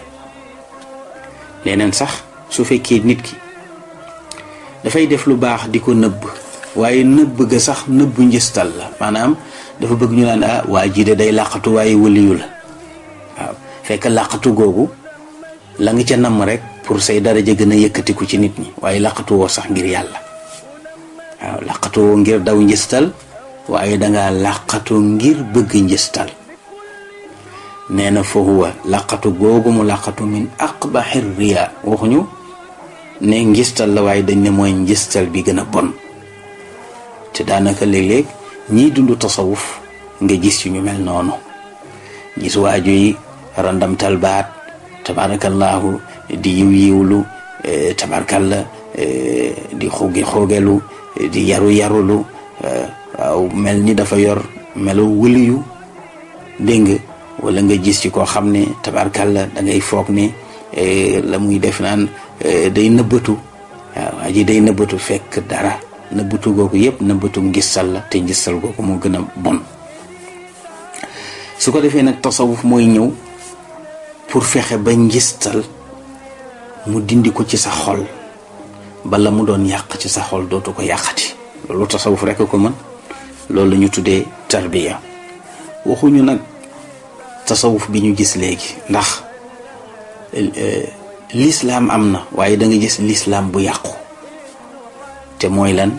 leneen sax su fekkee nit ki dafay def lu baax di ko nëbb waaye nëbb ga sax nëbbu njëstal la maanaam dafa bëgg ñu naan ah waa ji day làqatu waaye wëliyu la waaw fekk làqatu googu la nga ca namm rek pour say daraja gën a yëkkatiku ci nit ñi waaye laqatuwoo sax ngir yàlla waaw laqatuwoo ngir daw njëstal waaye danga laqatu ngir bëgg njëstal nee na fa huwa googu mu laqatu min aqbaxir riya waxuñu ne njëstal la waaye dañ ne mooy njëstal bi gën a bon te daanaka léeg-léeg ñiy dund tasawuf nga gis ci ñu mel noonu gis waajo randamtal baat tabaarakallaahu di yiw yiwlu eh, la eh, di xooge xoogelu eh, di yaru yarulu waaw mel ni dafa yor melo wëliyu dégg nga wala nga gis ci koo xam ne tabarkalla da ngay foog ne la muy def naan day nëbbatu waaw ji day nëbbatu fekk dara nëbbatu googu yëpp nëbbatu ngissal la te ngissal googu moo gën a bon su ko defee nag tasawuf mooy ñëw pour fexe ba ngistal mu dindi ko ci sa xol bala mu doon yàq ci sa xol dootu ko yàqati loolu tasawuf rekk ko mën loolu la tuddee tarbiya waxuñu nag tasawuf bi ñu gis léegi ndax eh, lislaam am na waaye da gis lislaam bu yàqu te mooy lan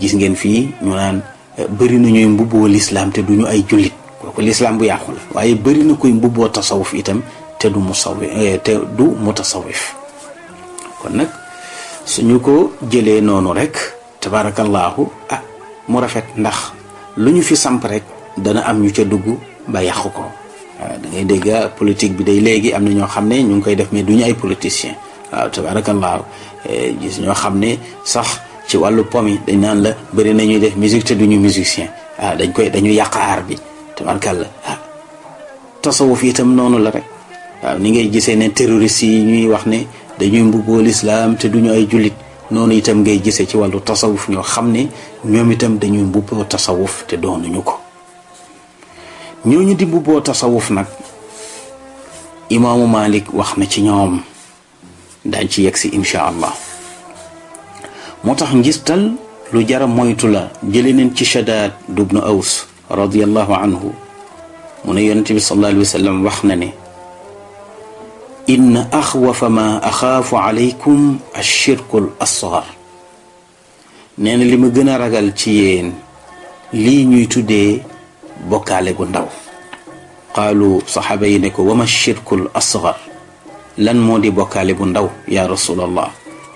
gis ngeen fii ñu naan eh, bëri na ñuy mbubboo lislaam te duñu ay jullit kooku lislaam bu yàqu la waaye bëri na koy mbubboo tasawuf itam te du mu sawi eh, te du mu tasawif kon nag su ñu ko jëlee noonu rek tabaarakallaahu ah mu rafet ndax lu ñu fi samp rek dana am ñu ca dugg ba yàqu ko waaw ah, da ngay dégg ah, bi day léegi am na ñoo xam ne ñu ngi koy def mais du ñu ay politicien waaw ah, tabaarakallaahu eh, gis ñoo xam ne sax ci wàllu pom yi dañ naan la bëri nañuy def musique te duñu musicien waaw dañ koy dañu yàq aar bi tabaarakalla ah tasawuf itam noonu la rek waaw ni ngay gisee ne terroriste yi ñuy wax ne dañuy mbubboo lislaam te duñu ay jullit noonu itam ngay gisee ci wàllu tasawuf ñoo xam ne ñoom itam dañuy mbubboo tasawuf te doonuñu ko ñooñu di mbubboo tasawuf nag imaamu Malik wax na ci ñoom daañ ci yegsi incha allah moo tax ngistal lu jara moytu la jële neen ci shadaad dubnu aws radiallahu anhu mu ne yonente bi sallallahu alayhi wax na ne إن أخوف ما أخاف عليكم الشرك الأصغر نين لي مغنا راغال تي يين لي نيو تودي بوكالي غو نداو قالوا صحابين كو وما الشرك الأصغر لن مودي بوكالي غو نداو يا رسول الله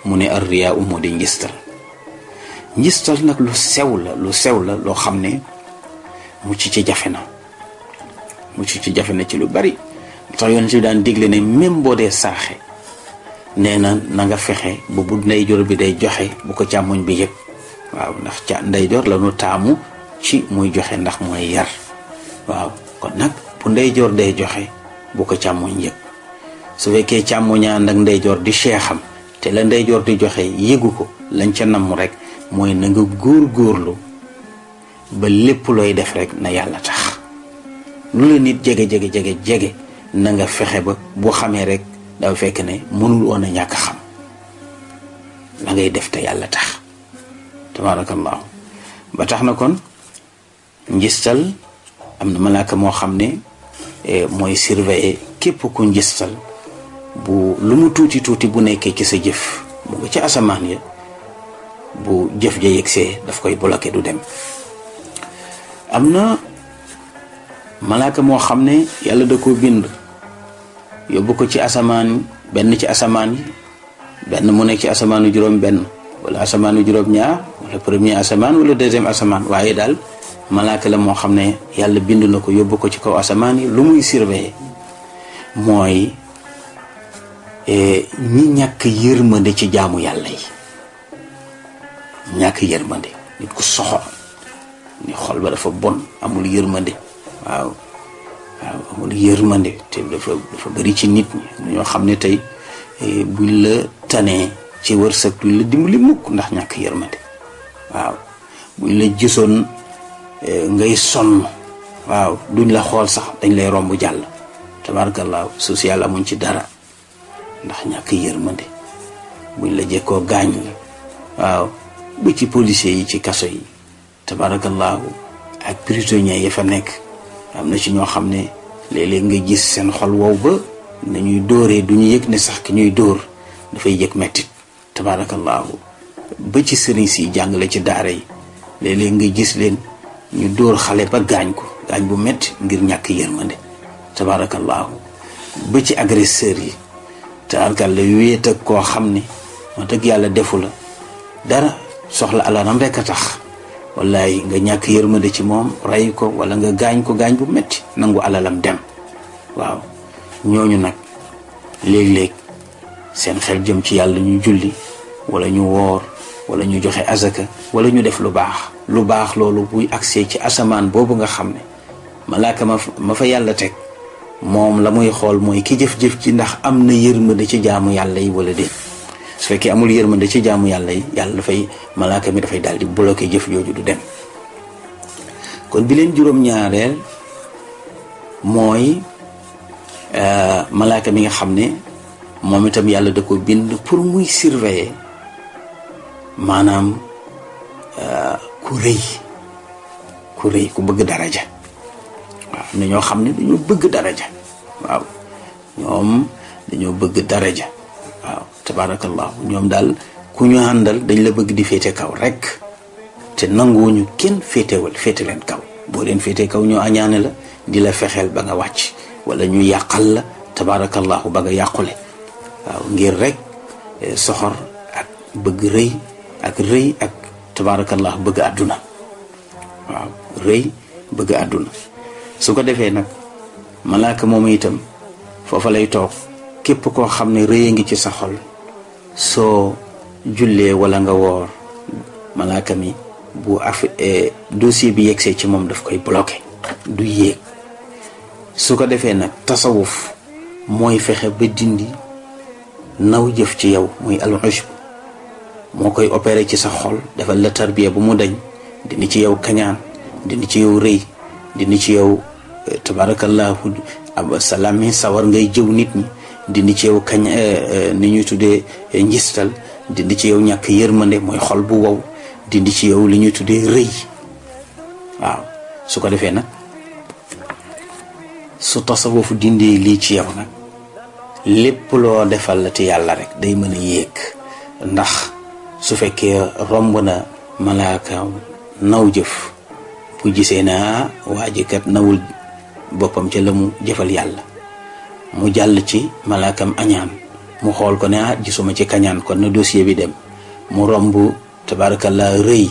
موني الرياء مودي نيستر نيستر نك لو سيول لو سيول لو خامني موتي تي جافنا موتي تي جافنا sax yoon si daan digle ne même boo dee saraxe nee na na fexe ba bu ndeyjoor bi day joxe bu ko càmmoñ bi yëg waaw ndax ca ndeyjoor la ñu taamu ci muy joxe ndax mooy yar waaw kon nag bu ndeyjoor day joxe bu ko càmmoñ yëg su fekkee càmmoñaa nag ndeyjoor di seexam te la ndeyjoor di joxe yëgu ko lañ ca namm rek mooy na nga góor góorlu ba lépp looy def rek na yàlla tax lu la nit jege jege jege jege nanga fexe ba boo xamee rek dafa fekk ne mënul woon a ñàkk xam la ngay def te yàlla tax tabaarakallaahu ba tax na kon njistal am na malaaka moo xam ne eh, mooy surveiller képp ku njistal bu lu mu tuuti tuuti bu nekkee ci sa jëf mu nga ci asamaan ya bu jëf ja yegsee daf koy bloqué du dem am na malaaka moo xam ne yàlla da ko bind yóbbu ko ci asamaan benn ci asamaan benn mu nekk ci asamaanu juróom benn wala asamaanu juróom ñaar wala premier asamaan wala deuxième asamaan waaye daal malaaka la moo xam ne yàlla bind na ko yóbbu ko ci kaw asamaan yi lu muy surveiller mooy e, ñi ñàkk yërmande ci jaamu yàlla yi ñàkk yërmande nit ku soxor ni xol ba dafa bon amul yërmande waaw waaw amul yërmande te dafa dafa ci nit ñi ñoo xam ne tey eh, buñ la tanee ci wërsëg duñ la dimbali mukk ndax ñàkk yërmande waaw buñ la gisoon eh, ngay sonn waaw duñ la xool sax dañ lay romb jàll tabaarkallaahu social amuñ ci dara ndax ñàkk yërmande buñ la jekkoo gaañ la waaw bu ci policiers yi ci kaso yi tabaarkallaahu ak prisonniers ya fa nekk am na ci ñoo xam ne léeg-léeg nga gis seen xol wow ba ñuy dóoree du ñu yëg ne sax ki ñuy dóor dafay yëg mettit tabaarakallaahu ba ci sëriñ si jàngale ci daara yi léeg-léeg nga gis leen ñu dóor xale ba gaañ ko gaañ bu metti ngir ñàkk yërmande tabaarakallaahu ba ci agresseur yi taarkal la wéet ak koo xam ne wax dëgg yàlla defu la dara soxla alalam rekk a tax wallaay nga ñàkk yërmande ci moom rey ko wala nga gaañ ko gaañ bu metti nangu alalam dem waaw ñooñu nag léeg-léeg seen xel jëm ci yàlla ñu julli wala ñu woor wala ñu joxe azaka wala ñu def lu baax lu baax loolu buy agsee ci asamaan boobu nga xam ne malaaka ma ma fa yàlla teg moom la muy xool mooy ki jëf-jëf ci ndax am na yërmande ci jaamu yàlla yi wala déet su fekkee amul yërmande ci jaamu yàlla yi yàlla dafay malaaka mi dafay daal di bloqué jëf jooju du dem kon bi juróom-ñaareel mooy euh, malaaka mi nga xam ne moom itam yàlla da ko bind pour muy surveiller maanaam euh, ku rëy ku rëy ku bëgg daraja waaw na ñoo xam ne dañoo dañoo bëgg daraja waaw tabaarakallahu ñoom daal ku ñu àndal dañ la bëgg di féete kaw rek te nanguwuñu kenn féetewal féete leen kaw boo leen féete kaw ñu añaane la di la fexeel ba nga wàcc wala ñu yàqal la tabaarakallahu ba nga yàqule waaw ngir rek eh, soxor ak bëgg rëy ak rëy ak tabaarakallahu bëgg àdduna waaw rëy bëgg àdduna su ko defee nag malaaka moom itam foofa lay toog képp koo xam ne rëy a ngi ci sa xol soo jullee walla nga woor malaaka mi bu af e, dossier bi yegsee ci moom daf koy bloqué du yéeg su ko defee nag tasawuf mooy fexe ba dindi naw jëf ci yow mooy alxujb moo koy opéré ci sa xol defal la tarbiya bu mu dañ dindi ci yow kañaan dindi ci yow rëy dindi ci yow e, tabarakallahu salaam sawar ngay jëw nit ñi dindi ci yow kañ eh, eh, ni ñuy tuddee eh, njistal dindi ci yow ñàkk yërmande mooy xol bu wow dindi ci yow li ñuy tuddee rëy waaw su ko defee nag su tasawufu dindee lii ci yaw nag lépp loo defal la te yàlla rek day mën a yéeg ndax su fekkee romb na malaaka naw jëf bu gisee naa waa ji nawul boppam ca la mu jëfal yàlla mu jàll ci malaakam añaan mu xool ko ne ah gisuma ci kañaan kon na dossier bi dem mu romb tabaarakallaa rëy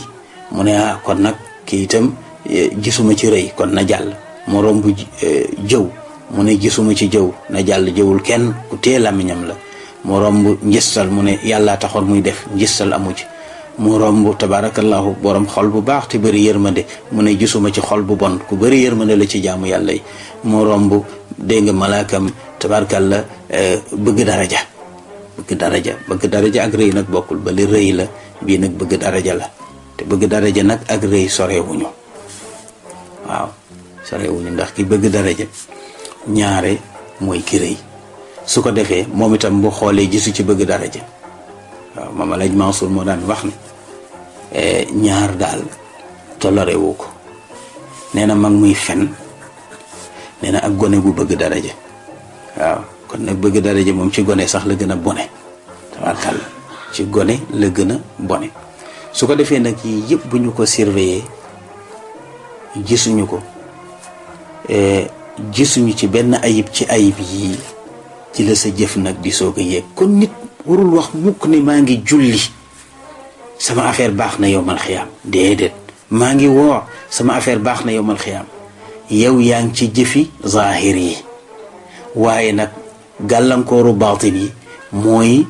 mu ne ah kon nag kii itam e, gisuma ci rëy kon na jàll mu romb e, jëw mu ne jisuma ci jëw na jàll jëwul kenn ku tee làmmiñam la mu romb njistal mu ne yàllaa taxoon muy def njistal amu ci mu romb tabaarakallaahu borom xol bu baax te bëri yërmande mu ne jisuma ci xol bu bon ku bari yërmande la ci jaamu yàlla yi mu romb dégg nga malaakam tabaarkàlla eh, bëgg daraja bëgg daraja bëgg daraja ak rëy nag bokkul ba li rëy la bii nag bëgg daraja la te bëgg daraja nag ak rëy sorewuñu waaw sorewuñu ndax ki bëgg daraja ñaare mooy ki rëy su ko defee moom itam bu xoolee gisu ci bëgg daraja waaw Maam Alaaji Mansuur moo daan wax ne eh, ñaar daal tollorewu ko nee na mag muy fen nee na ak gone bu bëgg daraja waaw kon nag bëgg dara ji ci gone sax la gën a bone tabarkàlla ci gone la gën a bone su ko defee nag yii yëpp bu ñu ko surveiller gisuñu ko e, gisuñu ci benn ayib ci ayib yii ci la sa jëf nag di soog a yéeg kon nit warul wax mukk ni maa ngi julli sama affaire baax na yow mal déedéet maa ngi woor sama affaire baax na yow mal xiyaam yow yaa ngi ci jëfi zaahir yi waaye nag gàllankooru baatin yi mooy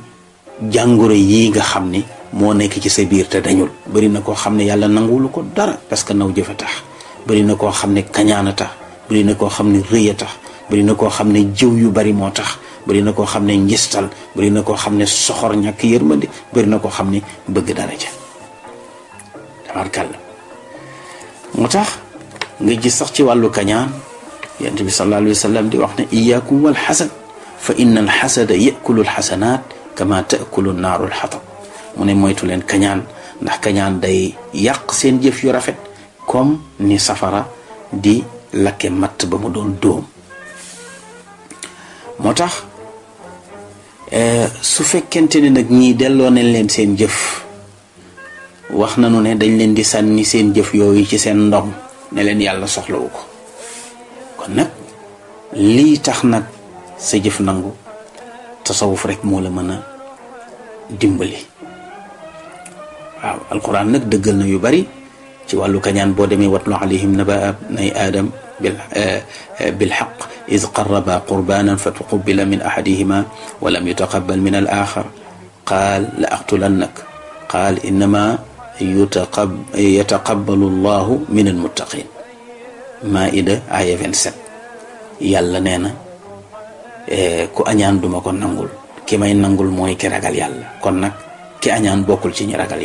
jàngoro yii nga xam ni moo nekk ci sa biir te dañul bëri na koo xam ne yàlla nanguwulu ko dara parce que naw jëfa tax bari na koo xam ne kañaan a na koo xam ne tax bëri na koo xam ne jëw yu bari moo tax bari na koo xam ne njistal bari na koo xam ne soxor ñàkk yërmande bëri na koo xam ne bëgg dara ja tabarkàlla moo tax nga gis sax ci wàllu kañaan يعني صلى الله عليه وسلم دي وقتنا إياكم والحسد فإن الحسد يأكل الحسنات كما تأكل النار الحطب من موي تولين كنيان ناخ كنيان داي ياق سين جيف يو رافيت كوم ني سفارا دي لاكي مات بامو دون دوم موتاخ ا سو فكنتني نك ني ديلو نين لين سين جيف واخنا نو ني دي ساني سين جيف يوي سي سين نلين يالا سوخلو kon nag lii tax nag sa jëf nangu tasawuf rek moo la mën a dimbali waaw alquran nag dëggal na yu bari ci wàllu kañaan boo demee watlu alayhim naba nay aadam بالحق إذ قربا قربانا فتقبل من أحدهما ولم يتقبل من الآخر قال لأقتلنك قال إنما يتقبل الله من المتقين مائدة aya 27 يالا neena euh ku añaan duma ko nangul ki may nangul moy ki ragal yalla kon nak ki añaan bokul ci ñu ragal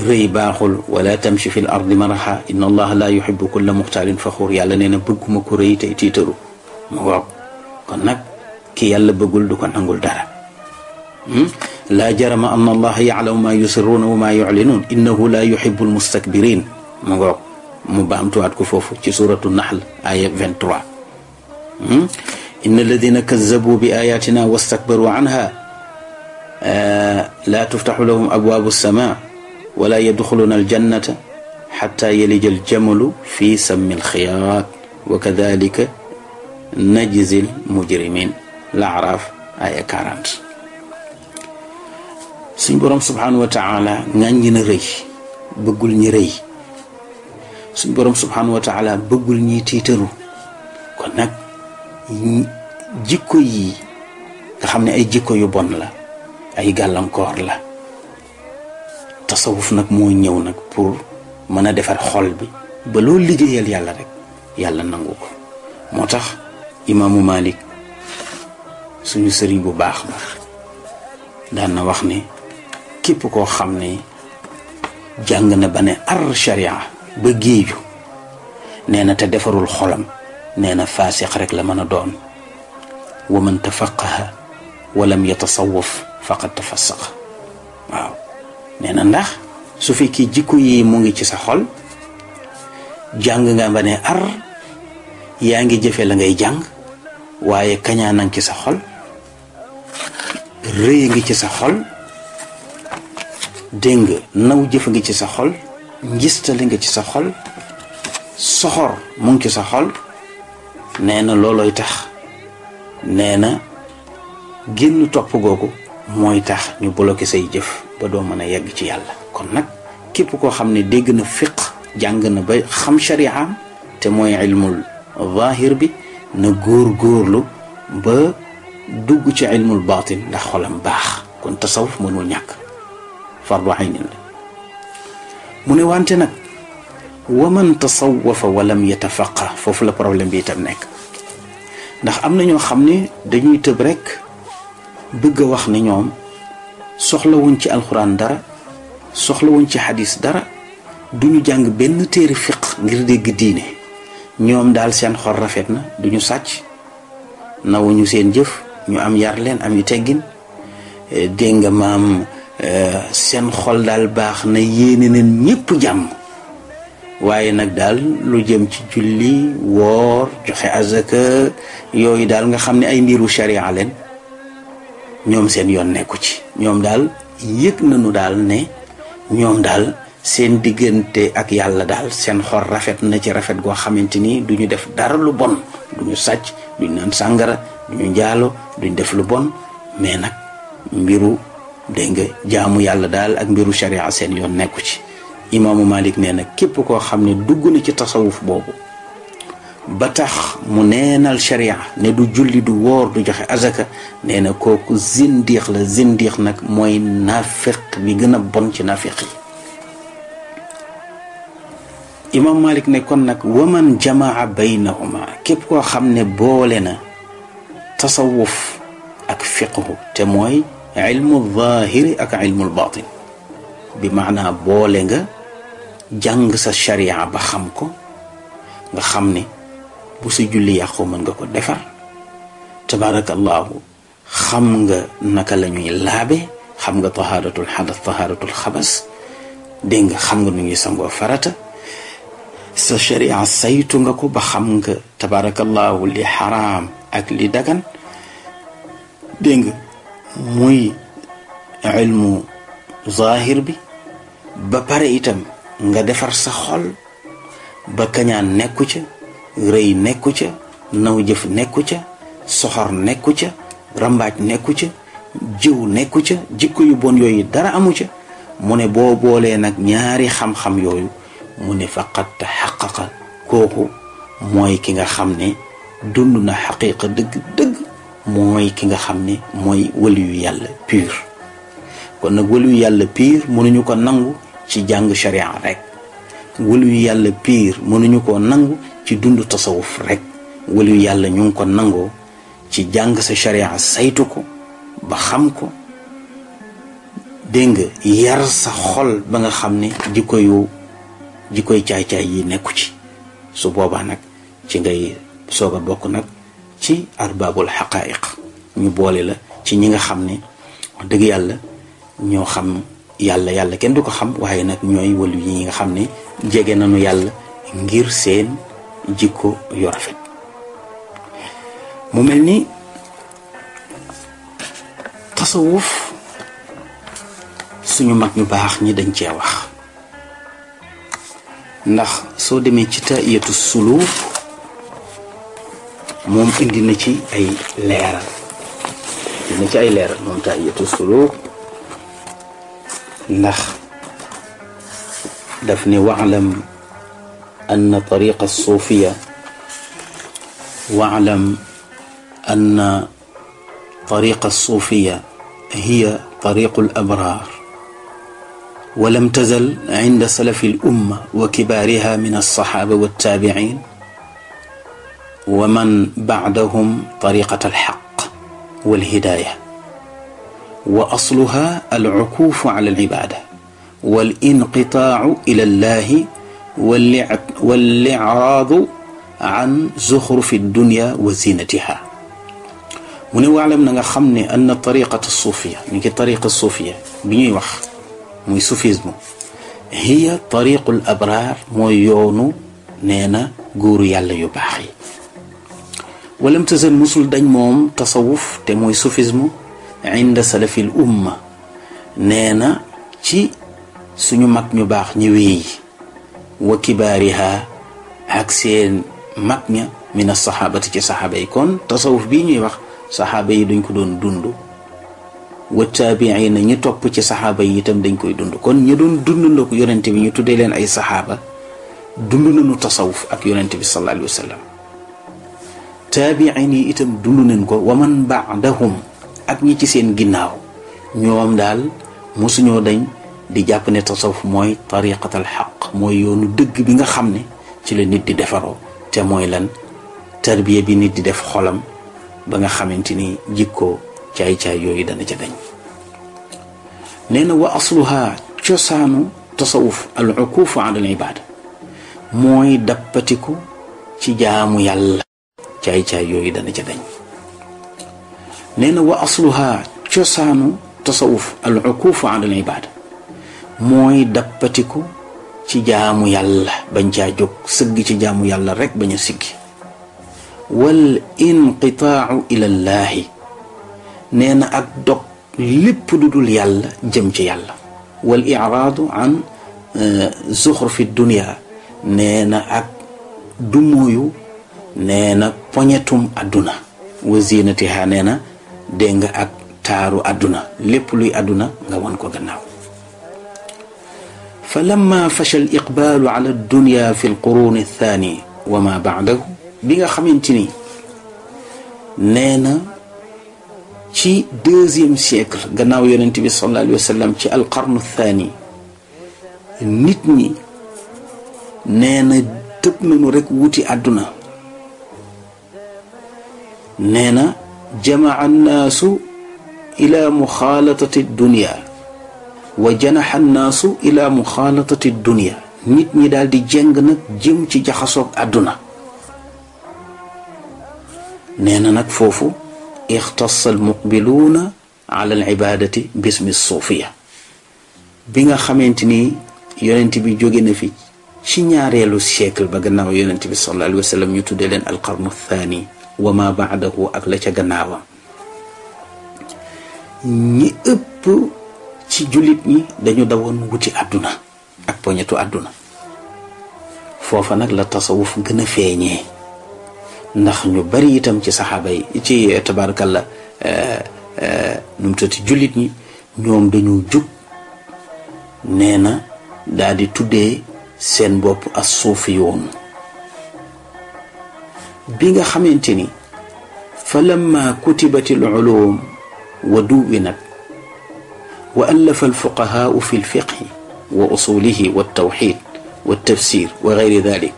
ري باخول ولا تمشي في الارض مرحا ان الله لا يحب كل مختال فخور يالا نينا بغوما كو ري تي تيترو موك كون نك كي يالا بغول دوكو نانغول دارا لا جرم ان الله يعلم ما يسرون وما يعلنون انه لا يحب المستكبرين mu ngoog mu baamtuwaat ko foofu ci suratu naxl aya 23 inna alladina kazabu bi ayatina wastakbaru anha la tuftaxu lahum abwaabu alsama wala yadxuluuna aljannata xata yalija aljamalu fi sammi alxiyaat wa kadalika najzi almujrimin laaraaf aya 40 suñ borom subhanahu wa taala ŋàññi na rëy bëggul ñi rëy suñ borom subhanahu wa taala bëggul ñi tiitaru kon nak jikko yi nga xamne ay jikko yu bon la ay gàllankoor la tasawuf nak mo ñew nak pour mëna défar defar xol bi ba lo liggéeyal yalla rek yalla nangu motax imam malik suñu sëriñ bu baax ba daan na wax ne képp koo xam ne jàng na ba ne ar sharia ba géeju nee na te defarul xolam nee na faasix rek la mën a doon wa man tafaqaha walam yatasawaf faqad tafassaqa waaw nee na ndax su fekkee jikko yi mu ngi ci sa xol jàng nga ba ne ar yaa ngi jëfe la ngay jàng waaye kañaa nang ci sa xol rëy ngi ci sa xol dégg nga naw jëf ngi ci sa xol njistali nga ci sa xol soxor mu ki sa xol nee na loolooy tax nee na génn topp googu mooy tax ñu bloqué say jëf ba doo mën a yegg ci yàlla kon nag képp koo xam ne dégg na fiq jàng na ba xam shariaam te mooy ilmul zahir bi na góor góorlu ba dugg ci ilmul baatin ndax xolam baax kon tasawuf mënul ñàkk fardu mu ne wante nag waman tasawwafa walam yatafaqa foofu la problème bi itam nekk ndax am na ñoo xam ne dañuy tëb rek bëgg a wax ne ñoom soxlawuñ ci alxuraan dara soxlawuñ ci xadis dara duñu jàng benn téere fiq ngir dégg diine ñoom daal seen xor rafet na duñu sàcc nawuñu seen jëf ñu am yar leen am yu teggin eh, dégg nga maam Eh, seen xol daal baax na yéene na ñépp jàmm waaye nag daal lu jëm ci julli woor joxe azaka yooyu daal nga xam ne ay mbiru sharia leen ñoom seen yoon nekku ci ñoom daal yëg nañu daal ne ñoom daal seen diggante ak yàlla daal seen xol rafet na ci rafet goo xamante ni duñu def dara lu bon duñu sàcc duñu naan sàngara duñu njaalo duñu def lu bon mais nag mbiru dégg nga jaamu yàlla daal ak mbiru sharia seen yoon nekku ci imaamu Malik nee nag képp koo xam ne dugg na ci tasawuf boobu ba tax mu neenal sharia ne du julli du woor du joxe azaka nee na kooku zindiix la zindiix nag mooy naafiq bi gën a bon ci naafiq yi imaam Malik ne kon nag waman jamaa baynahuma képp koo xam ne boole na tasawuf ak fiqhu te mooy ilmu zahiri ak ilmul batin bi maanaa boole nga jàng sa sharia ba xam ko nga xam ne bu sa julli yàqoo mën nga ko defar tabaarakallaahu xam nga naka la ñuy laabe xam nga tahaaratul xadas tahaaratul xabas dégg nga xam nga nu ñuy sangoo farata sa sharia saytu nga ko ba xam nga tabaarakallaahu li xaraam ak li dagan dégg nga muy ilmu zahir bi ba pare itam nga defar sa xol ba kañaan nekku ca rëy nekku ca naw jëf nekku ca soxor nekku ca rambaaj nekku ca jiw nekku ca jikko yu bon yooyu dara amu ca mu ne boo boolee nag ñaari xam-xam yooyu mu ne faqat taxaqaqa kooku mooy ki nga xam ne dund na xaqiqa dëgg-dëgg mooy ki nga xam ni mooy waliyu yàlla pur kon nag waliyu yàlla piir mënuñu ko nangu ci jàng sharia rek waliyu yàlla pur mënuñu ko nangu ci dund tasawuf rek waliyu yàlla ñu ngi nangoo ci jàng sa sharia saytu ko ba xam ko dégg nga yar sa xol ba nga xam ni di koy ji koy caay-caay yi nekku ci su boobaa nag ci ngay soog a bokk nag ci arbabul xaqaayiq ñu boole la ci ñi nga xam ni dëgg yàlla ñoo xam yàlla yàlla kenn du ko xam waaye nag ñooy wàllu yi nga xam ni jege nañu yàlla ngir seen jikko yu rafet mu mel ni tasawuf suñu mag ñu baax ñi dañ cee wax ndax soo demee ci taiyatu suluuk moom indi na ci ay leeral indi na ci ay leeral moom taxiyatu suluk ndax أن طريق الصوفية واعلم أن طريق الصوفية هي طريق الأبرار ولم تزل عند سلف الأمة وكبارها من الصحابة والتابعين ومن بعدهم طريقة الحق والهداية وأصلها العكوف على العبادة والانقطاع إلى الله والإعراض عن زخرف الدنيا وزينتها من يعلم نعم، ان الطريقة الصوفيه نيكي يعني طريق الصوفيه بني وخ موي صوفيزمو هي طريق الابرار مو يونو نينا غورو يالا ولم تزل مسل دنج موم تصوف تموي سوفيزمو عند سلف الأمة نانا تي سنو مك نيو باخ نيوي وكبارها اكسين مك من الصحابة تي صحابة يكون تصوف بي نيو باخ صحابة يدنك دون دوندو والتابعين ني توب تي صحابة يتم دنك دوندو كون ني دون دوندو يونتي بي ني تودي لين اي صحابة دوندو نانو تصوف اك يونتي بي صلى الله عليه وسلم taabiin yi itam dund nañ ko waman baadahum ak ñi ci seen ginnaaw ñoom daal mosuñoo dañ di jàpp ne tasawuf mooy tariqatal xaq mooy yoonu dëgg bi nga xam ne ci la nit di defaroo te mooy lan tarbiya bi nit di def xolam ba nga xamante ni jikkoo caay-caay yooyu dana ca dañ nee na wa asluha cosaanu tasawuf al uqufu an al ibada dappatiku ci jaamu yàlla caay-caay yooyu dana ca dañ nee na wa asluha cosaanu tasawuf al ukufu an al ibada mooy dappatiku ci jaamu yàlla bañ caa jóg sëgg ci jaamu yàlla rek bañ a siggi wal inqitaau ilallaahi nee na ak dog lépp du dul yàlla jëm ci yàlla wal iraadu an zuxrufi dunia nee na ak du mooyu nee na poñetum àdduna wazinatiha nee na dégg nga ak taaru àdduna lépp luy àdduna nga won ko gannaaw fa lamma fasha al iqbaalu fi l qurun wa ma baadahu bi nga xamante ni nee na ci deuxième siècle gannaaw yonent bi sallallahu alayhi ci alqarnu thani nit ñi nee na tëb nañu rek wuti àdduna nee na jamaa annaasu ila muxaalatati dunia wa janaxa annaasu ila muxaalatati dunia nit ñi daal di jëng nag jëm ci jaxasook àdduna nee na nag foofu ixtasa almuqbiluuna ala alibadati bismi suufiya bi nga xamante ni yonent bi jóge na fi ci ñaareelu siècle ba gannaaw yonent bi sallallahu alayhi ñu tuddee leen alqarnu thaani wa ma baadahu ak la ca gannaawam ñi ëpp ci jullit ñi dañu dawoon wuti àdduna ak poñetu àdduna foofa nag la tasawuf gën a feeñee ndax ñu bari itam ci saxaaba yi ci tabarakalla eh, eh, nu mu tëdd jullit ñi ñoom dañu jug nee na daal di tuddee seen bopp as suufiyoon بيغا خمينتيني فلما كتبت العلوم ودوبنت وألف الفقهاء في الفقه وأصوله والتوحيد والتفسير وغير ذلك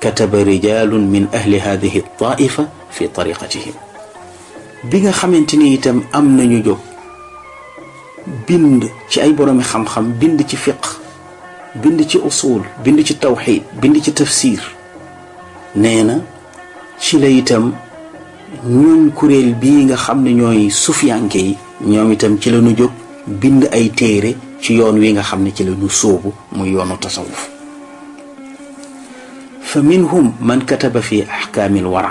كتب رجال من أهل هذه الطائفة في طريقتهم بيغا خمينتيني تم أمن نجوب بند تي أي برامي خم خم بند تي فقه بند تي أصول بند تي توحيد بند تي تفسير نينا ci la itam ñun kuréel bii nga xam ne ñooy sufiyanke yi ñoom itam ci la ñu jóg bind ay téere ci yoon wi nga xam ne ci la ñu sóobu muy yoonu tasawuf fa minhum man kataba fi ahkaamil wara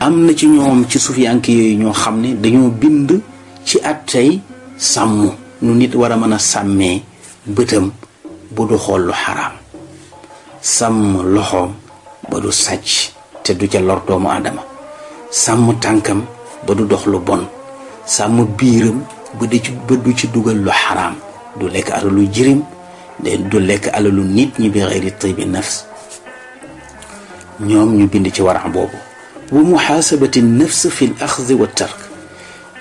am na ci ñoom ci sufiyanke yooyu ñoo xam ne dañoo bind ci at attey sàmm nu nit war a mën a sàmmee bëtam bu du xool xaraam sàmm loxoom ba du sàcc te du ca lor doomu aadama sàmm tànkam ba du dox lu bon sàmm biiram ba di ci ba du ci dugal lu xaraam du lekk alalu jirim de du lekk alalu nit ñi bi xëyri tibi nafs ñoom ñu bind ci warax boobu wa muhaasabati nafs fi l axdi wa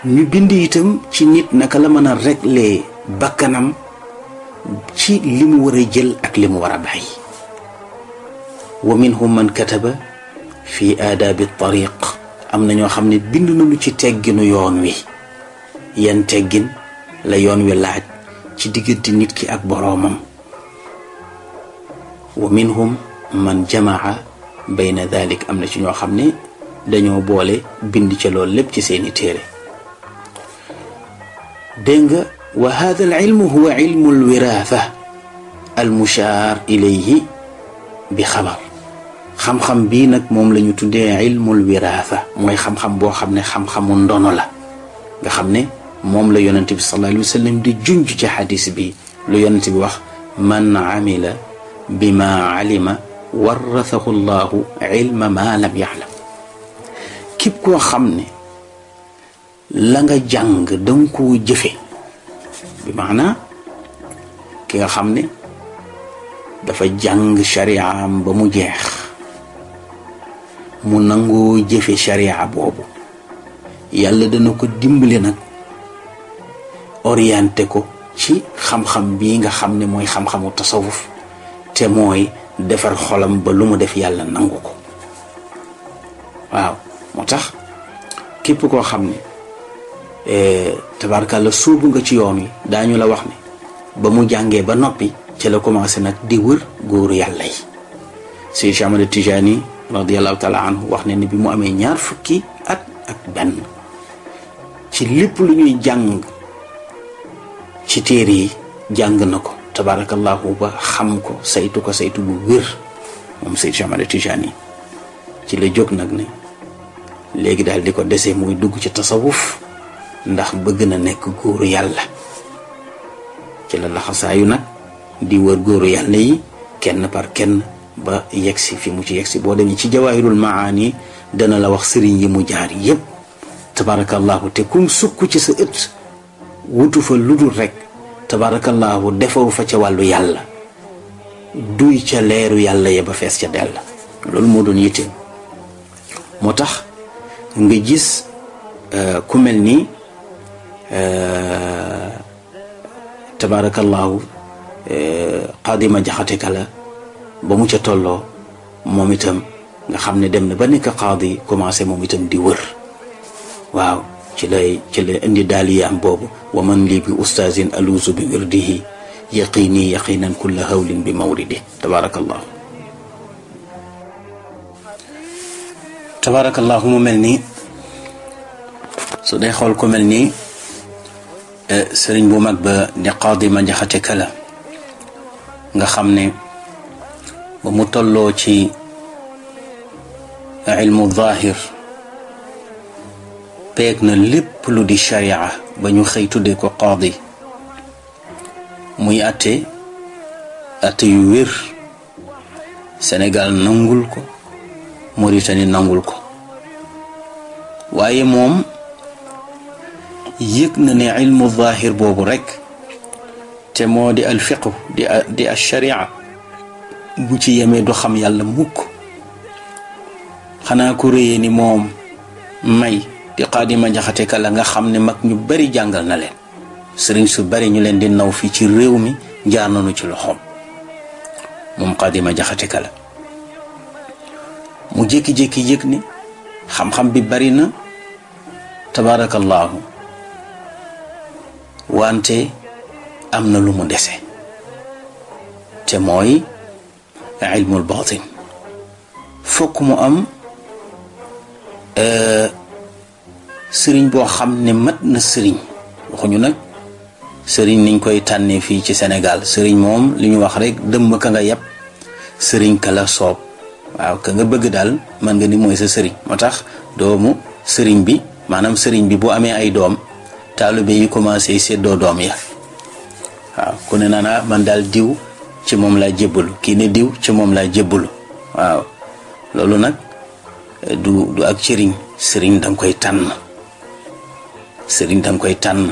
ñu bind itam ci nit naka la mën a régler bàkkanam ci li mu war jël ak li mu war a bàyyi wa minhum man في آداب الطريق أم نيو خامني بيند نولو سي تيغينو يون وي يان لا يون وي لاج سي ديغنتي نيت كي اك ومنهم من جمع بين ذلك أم نيو خامني دانيو بولي بيند سي لول ليب سيني تيري دينغ وهذا العلم هو علم الوراثه المشار اليه بخبر xam-xam bi nak mom lañu tuddé ilmul wiraasa moy xam-xam bo xamné xam-xamu ndono la nga xamné mom la yonnati bi sallallahu alayhi wa sallam di junj ci hadith bi lu yonnati bi wax man amila bima alima warathahu allah ilma ma lam ya'lam képp ko xamné la nga jàng danga ko jëfe bi maana ki nga xamné dafa jàng shariaam ba mu jeex mu nangoo jëfe sharia boobu yàlla dana ko dimbale nag orienté ko ci xam-xam bii nga xam ne mooy xam-xamu tasawuf te mooy defar xolam ba lu mu def yàlla nangu ko waaw moo tax képp koo xam ne eh, tabarkàlla suubu nga ci yoon wi daañu la wax ne ba mu jàngee ba noppi ci la commencé nag di wër góoru yàlla yi si Cheikh Tijaani radiyallahu taala anhu wax ne ni bi mu amé ñaar fukki at ak ben ci lepp lu ñuy jang ci téré jang nako tabarakallahu ba xam ko saytu ko saytu bu wér moom seyd chamada tijani ci la jog nak ne léegi dal diko déssé muy dugg ci tasawuf ndax bëgg na nek góoru yalla ci la yu nak di wër góoru yalla yi kenn par kenn ba yegsi fi mu ci yegsi boo demee ci jawaahirul maani dana la wax sëriñ yi mu jaar yépp tabaarakallaahu te kum sukk ci sa ëtt wutu fa ludul rek tabaarakallaahu defaw fa ca wàllu yàlla duy ca leeru yàlla ya ba fees ca dell loolu moo doon yitteem moo tax nga gis euh, ku mel ni euh, tabaarakallaahu euh, xaadima jaxate kala ba mu ca tollo moom itam nga xamne dem na ba nek qadi commencé moom itam di wër waaw ci lay ci lay indi am bobu wa man li bi ustazin aluzu bi irdihi yaqini yaqinan kulla hawl bi mawridi tabaarakallahu tabaarakallahu mu melni so day xol ku melni nii bu mag ba ni qadi ma jaxate kala nga xamne ba mu tolloo ci ilmu zahir peeg na lépp lu di sharia ba ñu xëy tuddee ko qaadi muy atte atte yu wér senegal nangul ko Mauritanie nangul ko waaye moom yëg na ne ilmu zahir boobu rekk te moo di alfiqu di di al sharia bu ci yemee du xam yàlla mukk xanaa ku réyee ni moom may di xaadima jaxate ka nga xam ne mag ñu bari jàngal na leen sëriñ su bari ñu leen di naw fii ci réew mi jaar nañu ci loxoom moom xaadima jaxate kala mu jékki-jékki yëg ni xam-xam bi bari na tabaarakallaahu wante am na lu mu dese te mooy ilmul baatin fokk mu am euh, sëriñ boo xam ne mat na sëriñ waxuñu nag sëriñ niñ koy tànnee fii ci senegal sëriñ moom li ñu wax rek dëmm ka nga yàpp sëriñ ka la soob waaw ka nga bëgg daal mën nga ni mooy sa sëriñ moo tax doomu sëriñ bi maanaam sëriñ bi boo amee ay doom taalibe yi commencé seddoo doom ya waaw ku ne naa ah, man daal diw ci moom laa jébbalu kii diw ci moom laa jébbalu loolu nag eh, du ak sëriñ sëriñ danga koy tànn sëriñ danga koy tànn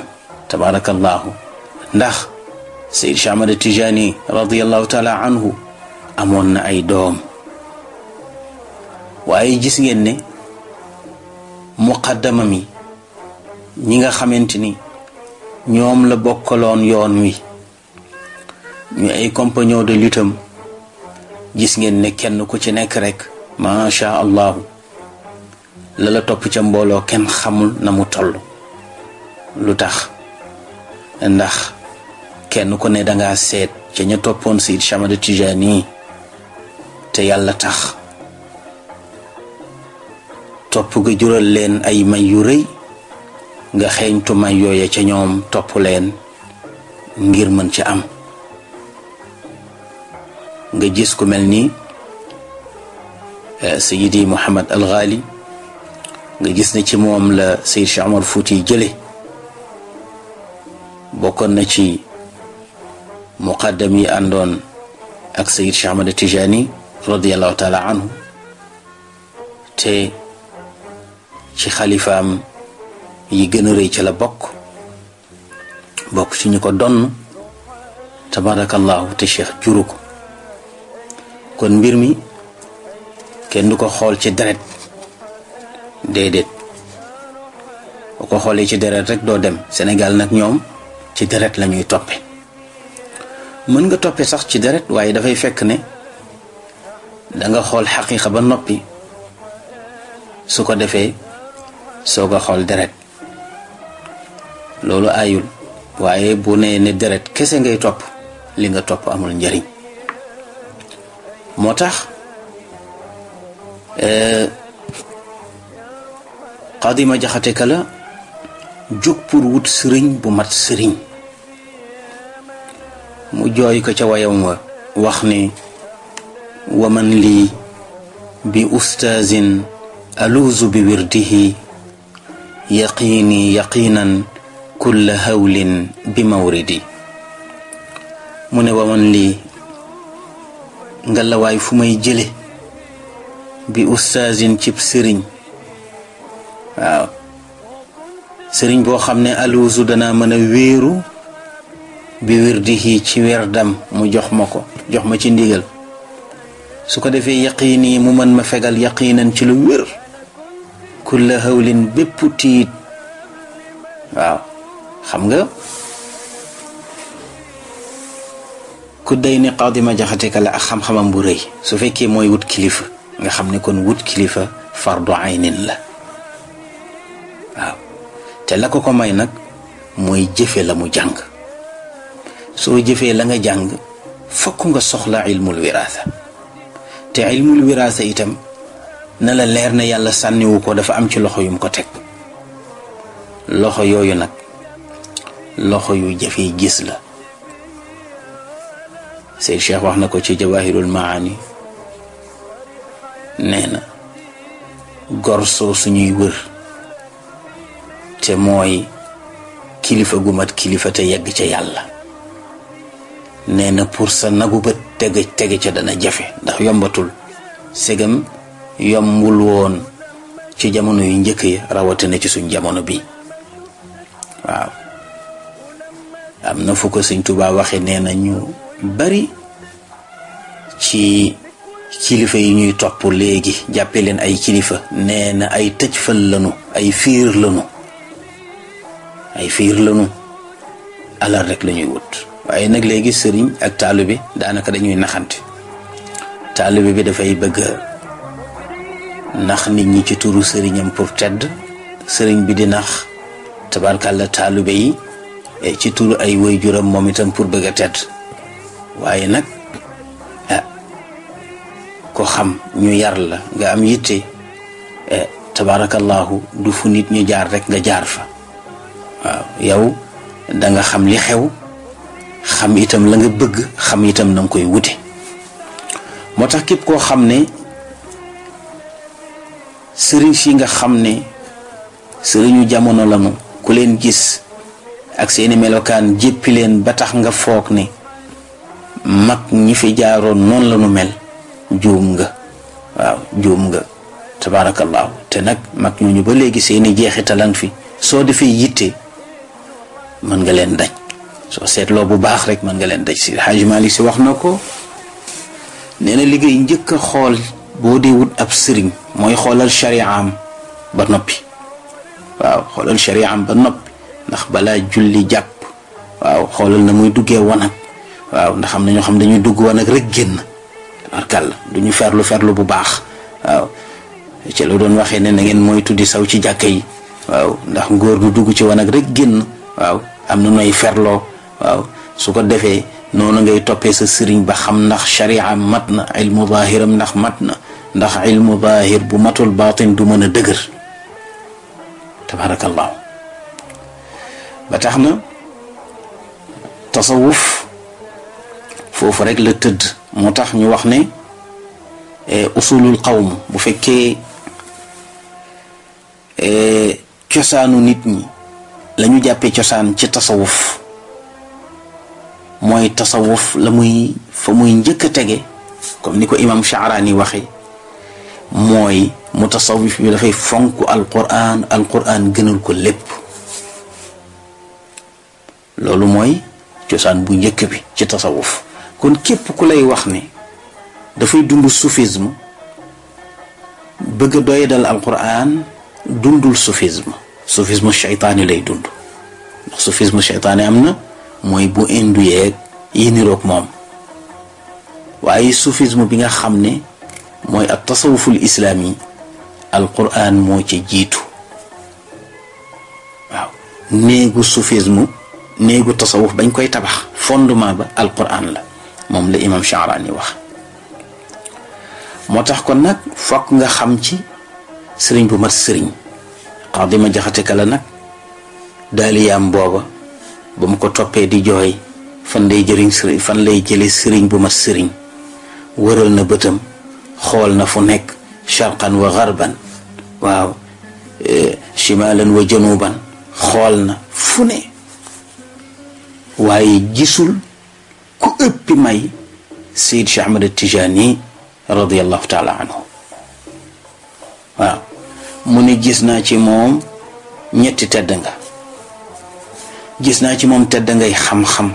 tabaarakallaahu ndax Seyd Cheikh Ahmad Tijaani radiallahu taala anhu amoon na ay doom waaye gis ngeen ne muqaddama mi ñi nga xamante ni ñoom la bokkaloon yoon wi ñu ay compagnons de lutte am gis ngeen ne kenn ku ci nekk rek macha allahu la topp ca mbooloo kenn xamul na mu toll lu tax ndax kenn ku ne danga seet ca ña toppoon si Seydi Ahmad Tijaani te yàlla tax topp ga jural leen ay may yu rëy nga xeeñtu may yooya ca ñoom topp leen ngir mën ca am nga gis ku mel ni sayidi Mouhamad al Ghali nga gis ne ci moom la sayid Cheikh Omar Fouti jële bokkoon na ci muqaddam yi àndoon ak sayid Cheikh Ahmad Tijani radiallahu taala anhu te ci xalifaam yi gën a rëy ci la bokk bokk ci ñu ko donn tabarakallahu te cheikh juru ko kon mbir mi kenn du ko xool ci deret déedéet boo ko xoolee ci deret rek doo dem senegal nag ñoom ci deret la ñuy toppe mën nga toppe sax ci deret waaye dafay fekk ne danga xool xaqiiqa ba noppi su ko defee soog a xool deret loolu ayul waaye bu nee ne deret kese ngay topp li nga topp amul njariñ moo tax euh, xadima jaxate kala jóg pour wut sëriñ bu mat sëriñ mu joy ko ca wayam wa wax ni waman lii bi ustaazin aluuzu bi wirdihi yaqiini yaqiinan kulla hawlin bi mawridi mu ne waman lii ngelawaay fu may jële bi ustaazin cib sëriñ waaw sëriñ boo xam ne aluusu danaa mën a wéeru bi wér wirdihi ci werdam mu jox ma ko jox ma ci ndigal su ko defee yaqiin yi mu mën ma fegal yaqiinan ci lu wér kulla hawlin bépp tiit waaw xam nga ku day ni xawdima jaxateka la ak xam-xamam bu rëy su fekkee mooy wut kilifa nga xam ne kon wut kilifa fardu aynin la waaw te la ko ko may nag mooy jëfe la mu jàng soo jëfee la nga jàng fokk nga soxla ilmul wiraasa te ilmul wiraasa itam na la leer na yàlla sànniwu ko dafa am ci loxo yum ko teg loxo yooyu nag loxo yu jafee gis la Seyd Cheikh wax na ko ci jawahirul maani nee na gorsoo suñuy wër te mooy kilifa gu mat kilifa te yegg ca yàlla nee na pour sa nagu bët tege tege ca dana jafe ndax yombatul segam yombul woon ci jamono yu njëkk yi rawatina ci suñ jamono bi waaw am na fu ko Sëñ waxe nee ñu bari ci kilifa yi ñuy topp léegi jàppe leen ay kilifa nee na ay tëj fal lanu ay fiir lanu ay fiir lanu alal rek lañuy wut waaye nag léegi sëriñ ak taalibe daanaka dañuy naxante taalibe bi dafay bëgg nax nit ñi ci turu sëriñam pour tedd sëriñ bi di nax tabarkàlla taalibe yi eh, ci turu ay waajuram moom itam pour bëgg a tedd waaye nag ah eh, ko xam ñu yar la nga am yitte eh, tabaarakallaahu du fu nit ñu jaar rek nga jaar fa waaw yow da nga xam li xew xam itam la nga bëgg xam itam na koy wute moo tax képp koo xam ne sëriñ si nga xam ne sëriñu jamono la lañu ku leen gis ak seeni melokaan jéppi leen ba tax nga fook ne mag ñi fi jaaroon noonu la nu mel juum nga waaw juum nga tabaarakallaahu te nag mag ñu ba léegi seeni jeexitalan fi soo defee yitte mën nga leen daj soo seetloo bu baax rek mën nga leen daj si Hajj Malik si wax na ko nee na liggéey njëkk a xool boo dee wut ab sëriñ mooy xoolal shari'am ba noppi waaw xoolal shari'am ba noppi ndax balaa julli jàpp waaw xoolal na muy duggee wanag waaw ndax am na ñoo xam dañuy dugg woon ak rek génn arkal duñu ferlu ferlu bu baax waaw ci la doon waxee ne na ngeen mooy tuddi saw ci jàkka yi waaw ndax ngóor du dugg ci wan ak rek génn waaw am na nooy ferloo waaw su ko defee noonu ngay toppee sa sëriñ ba xam ndax sharia mat na ilmu zahiram ndax mat na ndax ilmu zahir bu matul batin du mën a dëgër tabarakallahu ba tax na tasawuf foofu rek la tëdd moo tax ñu wax ne eh, usulul qawm bu fekkee eh, cosaanu nit ñi lañu ñu jàppee cosaan ci tasawuf mooy tasawuf la muy fa muy njëkk a tege comme ni ko imam Shaaraani waxe mooy mu tasawuf bi dafay fonk alquran alquran gënal ko lépp loolu mooy cosaan bu njëkk bi ci tasawuf kon képp ku lay wax ni dafay dund soufisme bëgg a doyadal alquran dundul soufisme soufisme cheytaani lay dund ndax soufisme cheytaani am na mooy bu induyeeg yi niroog moom waaye soufisme bi nga xam ne mooy ab tasawuful islaam yi alquran moo ci jiitu waaw néegu soufisme néegu tasawuf bañ koy tabax fondement ba alquran la moom la imam Chaaraani wax moo tax kon nag fokk nga xam ci sëriñ bu mat sëriñ Xaadima Jaxate Kala nag daaliyaam booba ba mu ko toppee di jooy fan lay jëriñ lay jële sëriñ bu mat sëriñ wëral na bëtam xool na fu nekk sharqan wa garban waaw e, shimalan wa januban xool na fu ne waaye gisul ku ëppi may Seyd Cheikh Ahmad radiallahu taala anhu waaw mu ne gis naa ci moom ñetti tedd gis naa ci moom tedd ngay xam-xam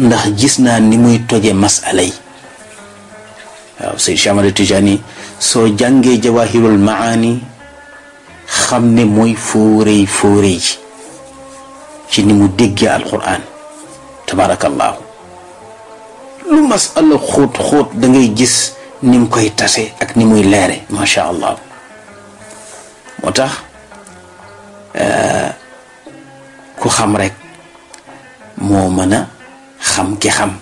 ndax gis naa ni muy toje masala yi waaw Seyd soo jàngee jawahirul maani xam ne mooy fóorey fóorey ji ci ni mu déggee alquran tabaarakallaahu lu masala xóot xóot da gis ni koy tase ak ni muy leere macha allah moo tax eh, ku xam rek moo mën a xam ki xam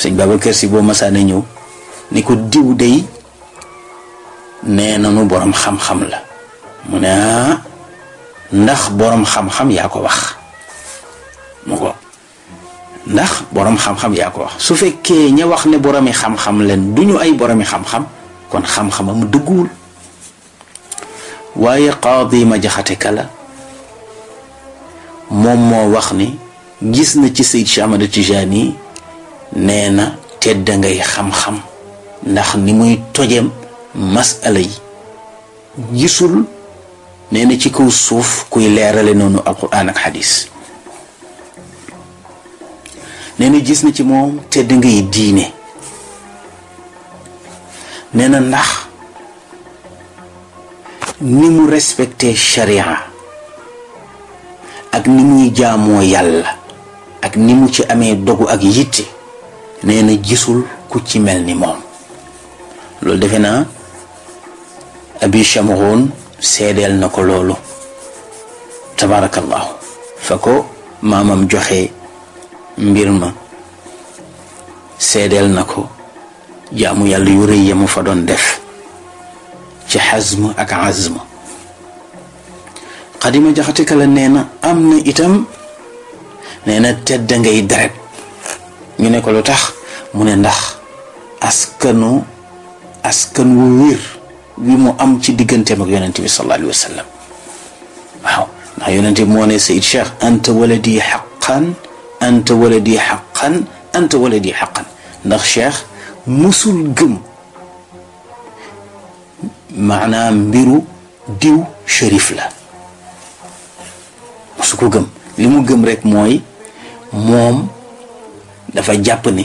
sëñ Babacar Si boo masaana ñëw ni ko diw dey nee nanu boroom xam-xam la mu ne ah, ndax boroom xam-xam yaa ko wax mu ko ndax borom xam-xam yaa ko wax su fekkee ña wax ne boromi xam-xam leen du ñu ay boromi xam-xam kon xam-xamam dëgguwul waaye qaadi ma jaxate kala moom moo wax ni gis na ci Seyd Cheikh Ahmad Tijaani nee na tedd ngay xam-xam ndax ni muy tojem masala yi gisul nee na ci kaw suuf kuy leerale noonu alquran ak xadis nee gis na ci moom te da ngay diine nee na ndax ni mu respecté sharia ak ni muy jaamoo yàlla ak ni mu ci amee dogu ak yitti nee gisul ku ci mel ni moom loolu defe naa abi chamaroon seedeel na ko loolu tabarakallahu fa ko maamam joxe mbir ma seedeel na ko jaamu yàlla yu rëy ya mu fa doon def ci xazm ak azm xadima jaxate kala nee na am na itam nee na tedd ngay deret ñu ne ko lu tax mu ne ndax askanu askan wu wér wi mu am ci digganteem ak yonent bi sallallahu alayhi wa waaw ndax yonent bi moo ne Sayid Cheikh anta waladi xaqan anta waladi xaqan anta waladi xaqan ndax cheikh musul gëm maanaam mbiru diw shérif la musu gëm li mu gëm rek mooy moom dafa jàpp ne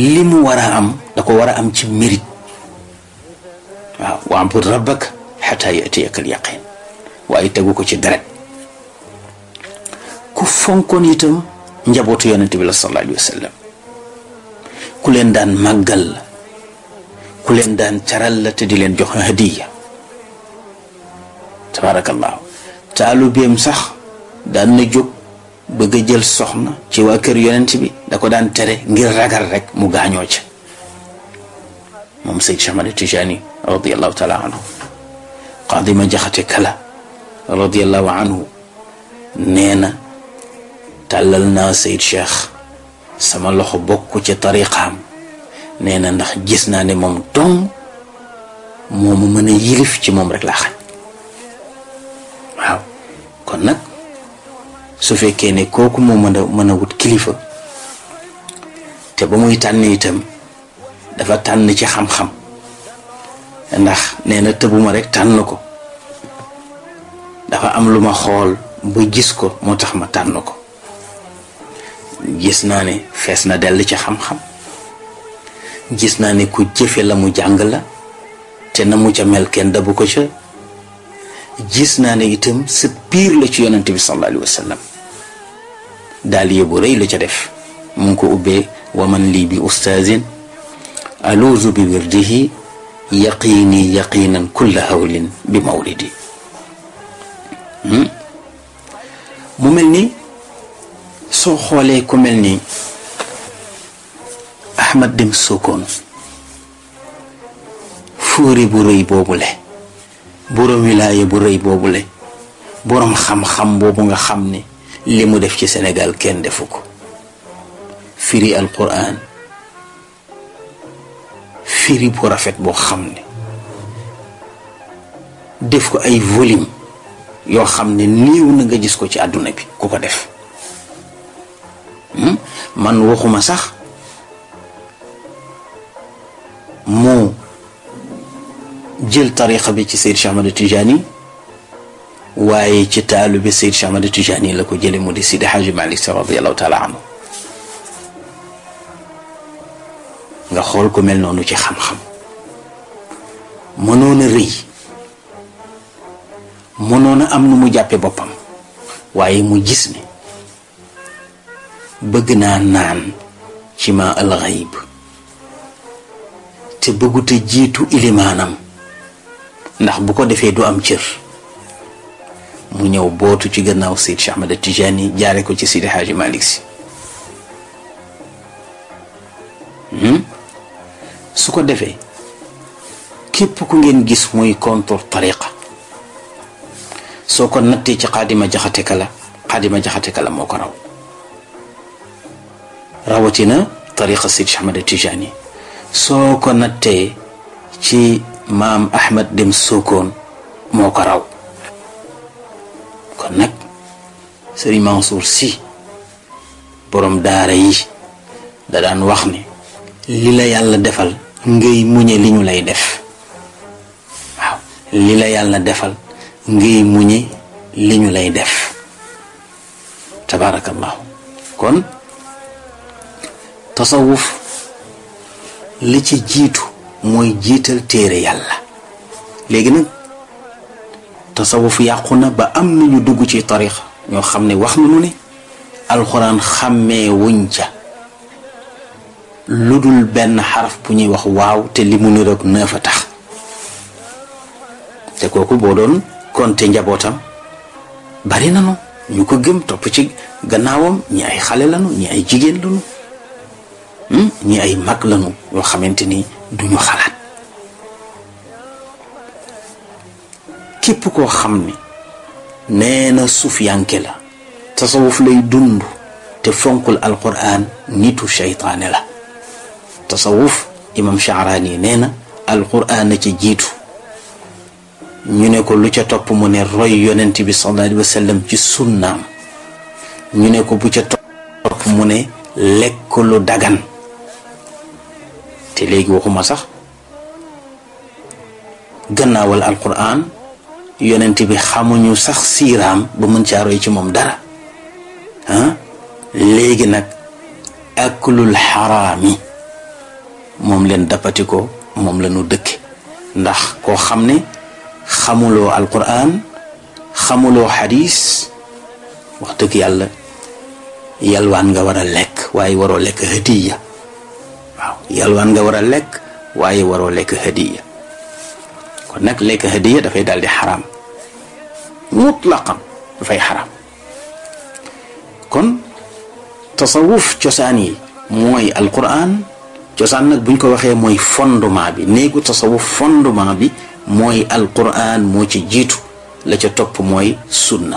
li mu war a am da ko war a am ci mérite waaw waabud rabbaka xata yatiyaka al yaqin waaye tegu ko ci deret ku fonkoon itam njabootu yonent bi la sallallahu leen daan màggal la ku leen daan caral la te di leen jox hadiya tabaarakallaahu taalubeem sax daan na jóg bëgg a jël soxna ci waa kër yonent bi da ko daan tere ngir ragal rek mu gaañoo ca moom Seyd Cheikh Ahmad Tijaani radiallahu taala anhu Qaadima Jaxate Kala radiallahu anhu nee tàllal naa Seyd Cheikh sama loxo bokk ca tariqaam nee na ndax gis naa ne moom dong moo ma mën a yilif ci moom rek laa xañ waaw kon nag su fekkee ne kooku moo mën a mën a wut kilifa te ba muy tànn itam dafa tànn ci xam-xam ndax nee na tëbuma rekk tànn ko dafa am lu ma xool ba gis ko moo tax ma tànn ko gis naa ne fees na dell ci xam-xam gis naa ne ku jëfe la mu jàng la te na mu ca mel kenn dabu ko ca gis naa ne itam sa piir la ci yonent bi sallallahu alayhi wa sallam daal rëy la ca def mu ngi ko ubbee waman lii bi ustaazin aluuzu bi wirdihi yaqiini yaqiinan kulla hawlin bi mawlidi hmm? mu mel ni soo xoolee ku mel ni Ahmad dem Sokone fuuri bu rëy boobule borom wilaaya bu rëy boobule borom xam-xam boobu nga xam ni li mu def ci senegal kenn defu ko firi alquran firi bu rafet boo xam ne def ko ay volume yoo xam ne néew na nga gis ko ci àdduna bi ku ko def Hmm? man waxuma sax mu jël tarixa bi ci Seyd Cheikh Ahmad waaye ci taalu bi Seyd Cheikh Ahmad la ko jële mu di Sidi Haaji nga xool ko mel noonu ci xam-xam mënoon rëy mënoon am nu mu jàppe boppam waaye mu gis ne bëgg naa naan ci ma alxayb te bëgguta jiitu ilimaanam ndax bu ko defee du am cër mu ñëw bootu ci gannaaw Seydi Cheikh Ahmad Tijaani jaare ko ci Seydi Haaji Malick hmm? su ko defee képp ku ngeen gis muy contre tariqa soo ko nattee ci xaadima jaxate kala xaadima jaxate kala moo ko raw rawatina tariqa Sidi Ahmad Tijaani soo ko nattee ci maam ahmad dem Sokone moo ko raw kon nag Serigne Mansour Sy borom daara yi da daan wax ni li la yàlla defal ngay muñe li ñu lay def waaw li la yàlla defal ngay muñe li ñu lay def tabaarakallahu kon tasawuf li ci jiitu mooy jiital téere yàlla léegi nag tasawuf yàqu na ba am na ñu dugg ci tarix ñoo xam ne wax nañu ne alxuraan xàmmee wuñ ca lu dul benn xaraf bu ñuy wax waaw te li mu niroog neuf a tax te kooku boo doon konte njabootam bari nanu ñu ko gëm topp ci gannaawam ñi ay xale lanu ñi ay jigéen lanu Hmm? ñi ay mag lañu yoo xamante ni duñu xalaat képp koo xam ni nee na suufiyanke la tasawuf lay dund te fonkul alquran nitu seytaane la tasawuf imam Shaaraani nee na alquran a ca jiitu ñu ne ko lu ca topp mu ne roy yonent bi ci sunnaam ñu ne ko bu ca topp mu ne lekk lu dagan te léegi waxuma sax gannaawal alquran yonent bi xamuñu sax siiraam ba mën ci roy ci moom dara ah. léegi nag aklul xaraami moom leen dappati ko moom la ñu dëkk ndax koo xam ne xamuloo alquran xamuloo xadis wax dëgg yàlla yalwaan nga war a lekk waaye waroo lekk hadiya yalwaan nga war a lekk waaye waroo lekk hadiya kon nag lekk hadiya dafay daal di xaraam mutlaqan dafay xaraam kon tasawuf cosaan yi mooy alquran cosaan nag buñ ko waxee mooy fondement bi néegu tasawuf fondement bi mooy alquran moo ci jiitu la ca topp mooy sunna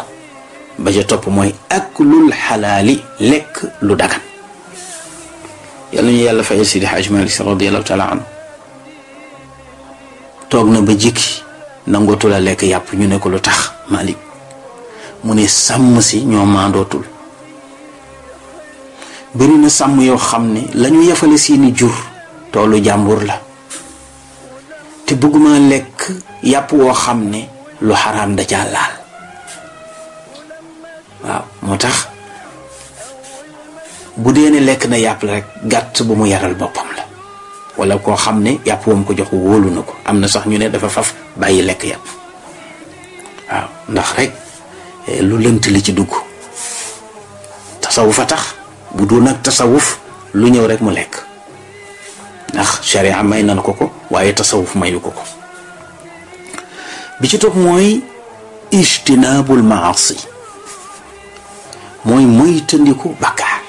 ba ca topp mooy aklul xalaali lekk lu dagan yàlla na ñu yàlla fayal Seydi Hadj Malick Sy radiyallahu taala anhu toog na ba jikki nangootu la lekk yàpp ñu ne ko lu tax malik mu ne sàmm si ñoo maandootul bëri sàmm yoo xam ne lañu ñu yafale seeni jur toolu jàmbur la te bëgguma lekk yàpp woo xam ne lu xaraam da laal waaw moo tax bu dee ne lekk na yàpp la rek gàtt bu mu yaral boppam la wala koo xam ne yàpp wam ko jox wóolu na ko am na sax ñu ne dafa faf bàyyi lekk yàpp waaw ndax rek eh, lu lënt li ci dugg tasawuf a tax bu du nag tasawuf lu ñëw rek mu lekk ndax sharia may nan ko ko waaye tasawuf mayu ko ko bi ci topp mooy ijtinaabul maasi mooy moytandiku bakkaar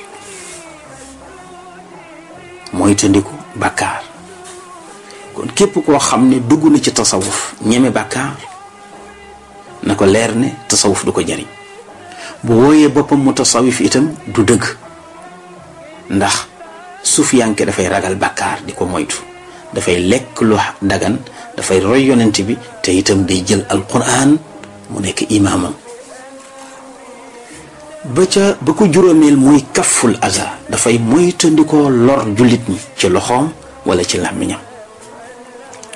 mooy tëndiku bàkkaar kon képp koo xam ne dugg na ci tasawuf ñeme bàkkaar na ko leer ne tasawuf du ko jariñ bu wooyee boppam mu tasawuf itam du dëgg ndax sufiyanke dafay ragal bàkkaar di ko moytu dafay lekk lu dagan dafay roy yonent bi te itam day jël alquran mu nekk imaamam ba ca ba ko juróomeel muy kaful aza dafay moytandikoo lor jullit ñi ci loxoom wala ci làmmiñam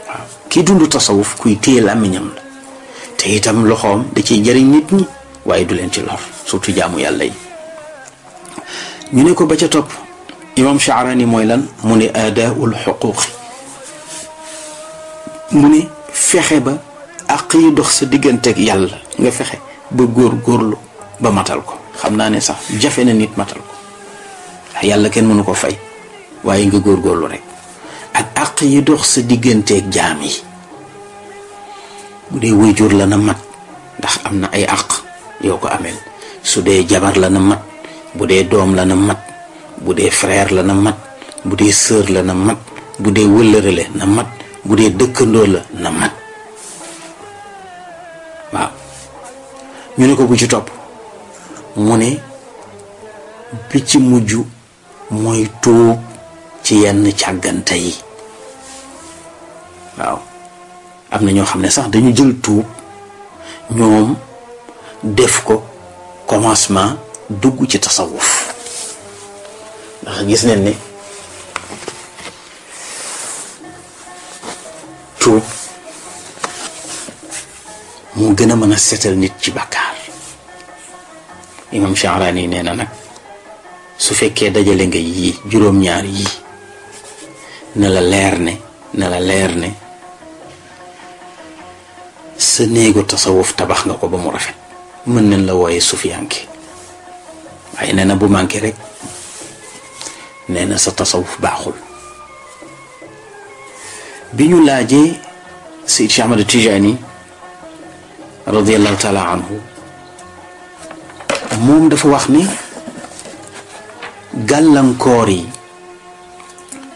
waaw kii dund tasawuf kuy téye làmmiñam la te itam loxoom da ciy jëriñ nit ñi waaye du leen ci lor surtout jaamu yàlla yi ñu ne ko ba ca topp imam Chaarani mooy lan mu ne aadaul xuquuqi mu ne fexe ba àq yi dox sa diggante ak yàlla nga fexe ba góor góorlu ba matal ko xam naa ne sax jafe na nit matal ko yàlla kenn mënu ko fay waaye nga góorgóorlu rek ak àq yi dox sa digganteeg jaam yi bu dee waajur la na mat ndax am na ay àq yoo ko ameel su dee jabar la na mat bu dee doom la na mat bu dee frère la na mat bu dee sœur la na mat bu dee wëllërale na mat bu dee dëkkandoo la na mat waaw ñu ne ko bu ci topp mu ne bi ci mujj mooy tuub ci yenn càggante yi waaw am na ñoo xam ne sax dañu jël tuub ñoom def ko commencement dugg ci tasawuf ndax gis nañ ne tuub mu gën a mën a seetal nit ci bàkkaar imam shaarani nee nak su fekke dajale nga yi juróom-ñaar yi na la leer ne na la leer ne sa néegu tasawuf tabax nga ko ba mu rafet mën nañ la wooye sufiyanke waaye nee na bu manqué rek nee na sa tasawuf baaxul bi ñu laajee cheikh Ahmad tijani radiyallahu taala anhu moom dafa wax ni gàllankoor yi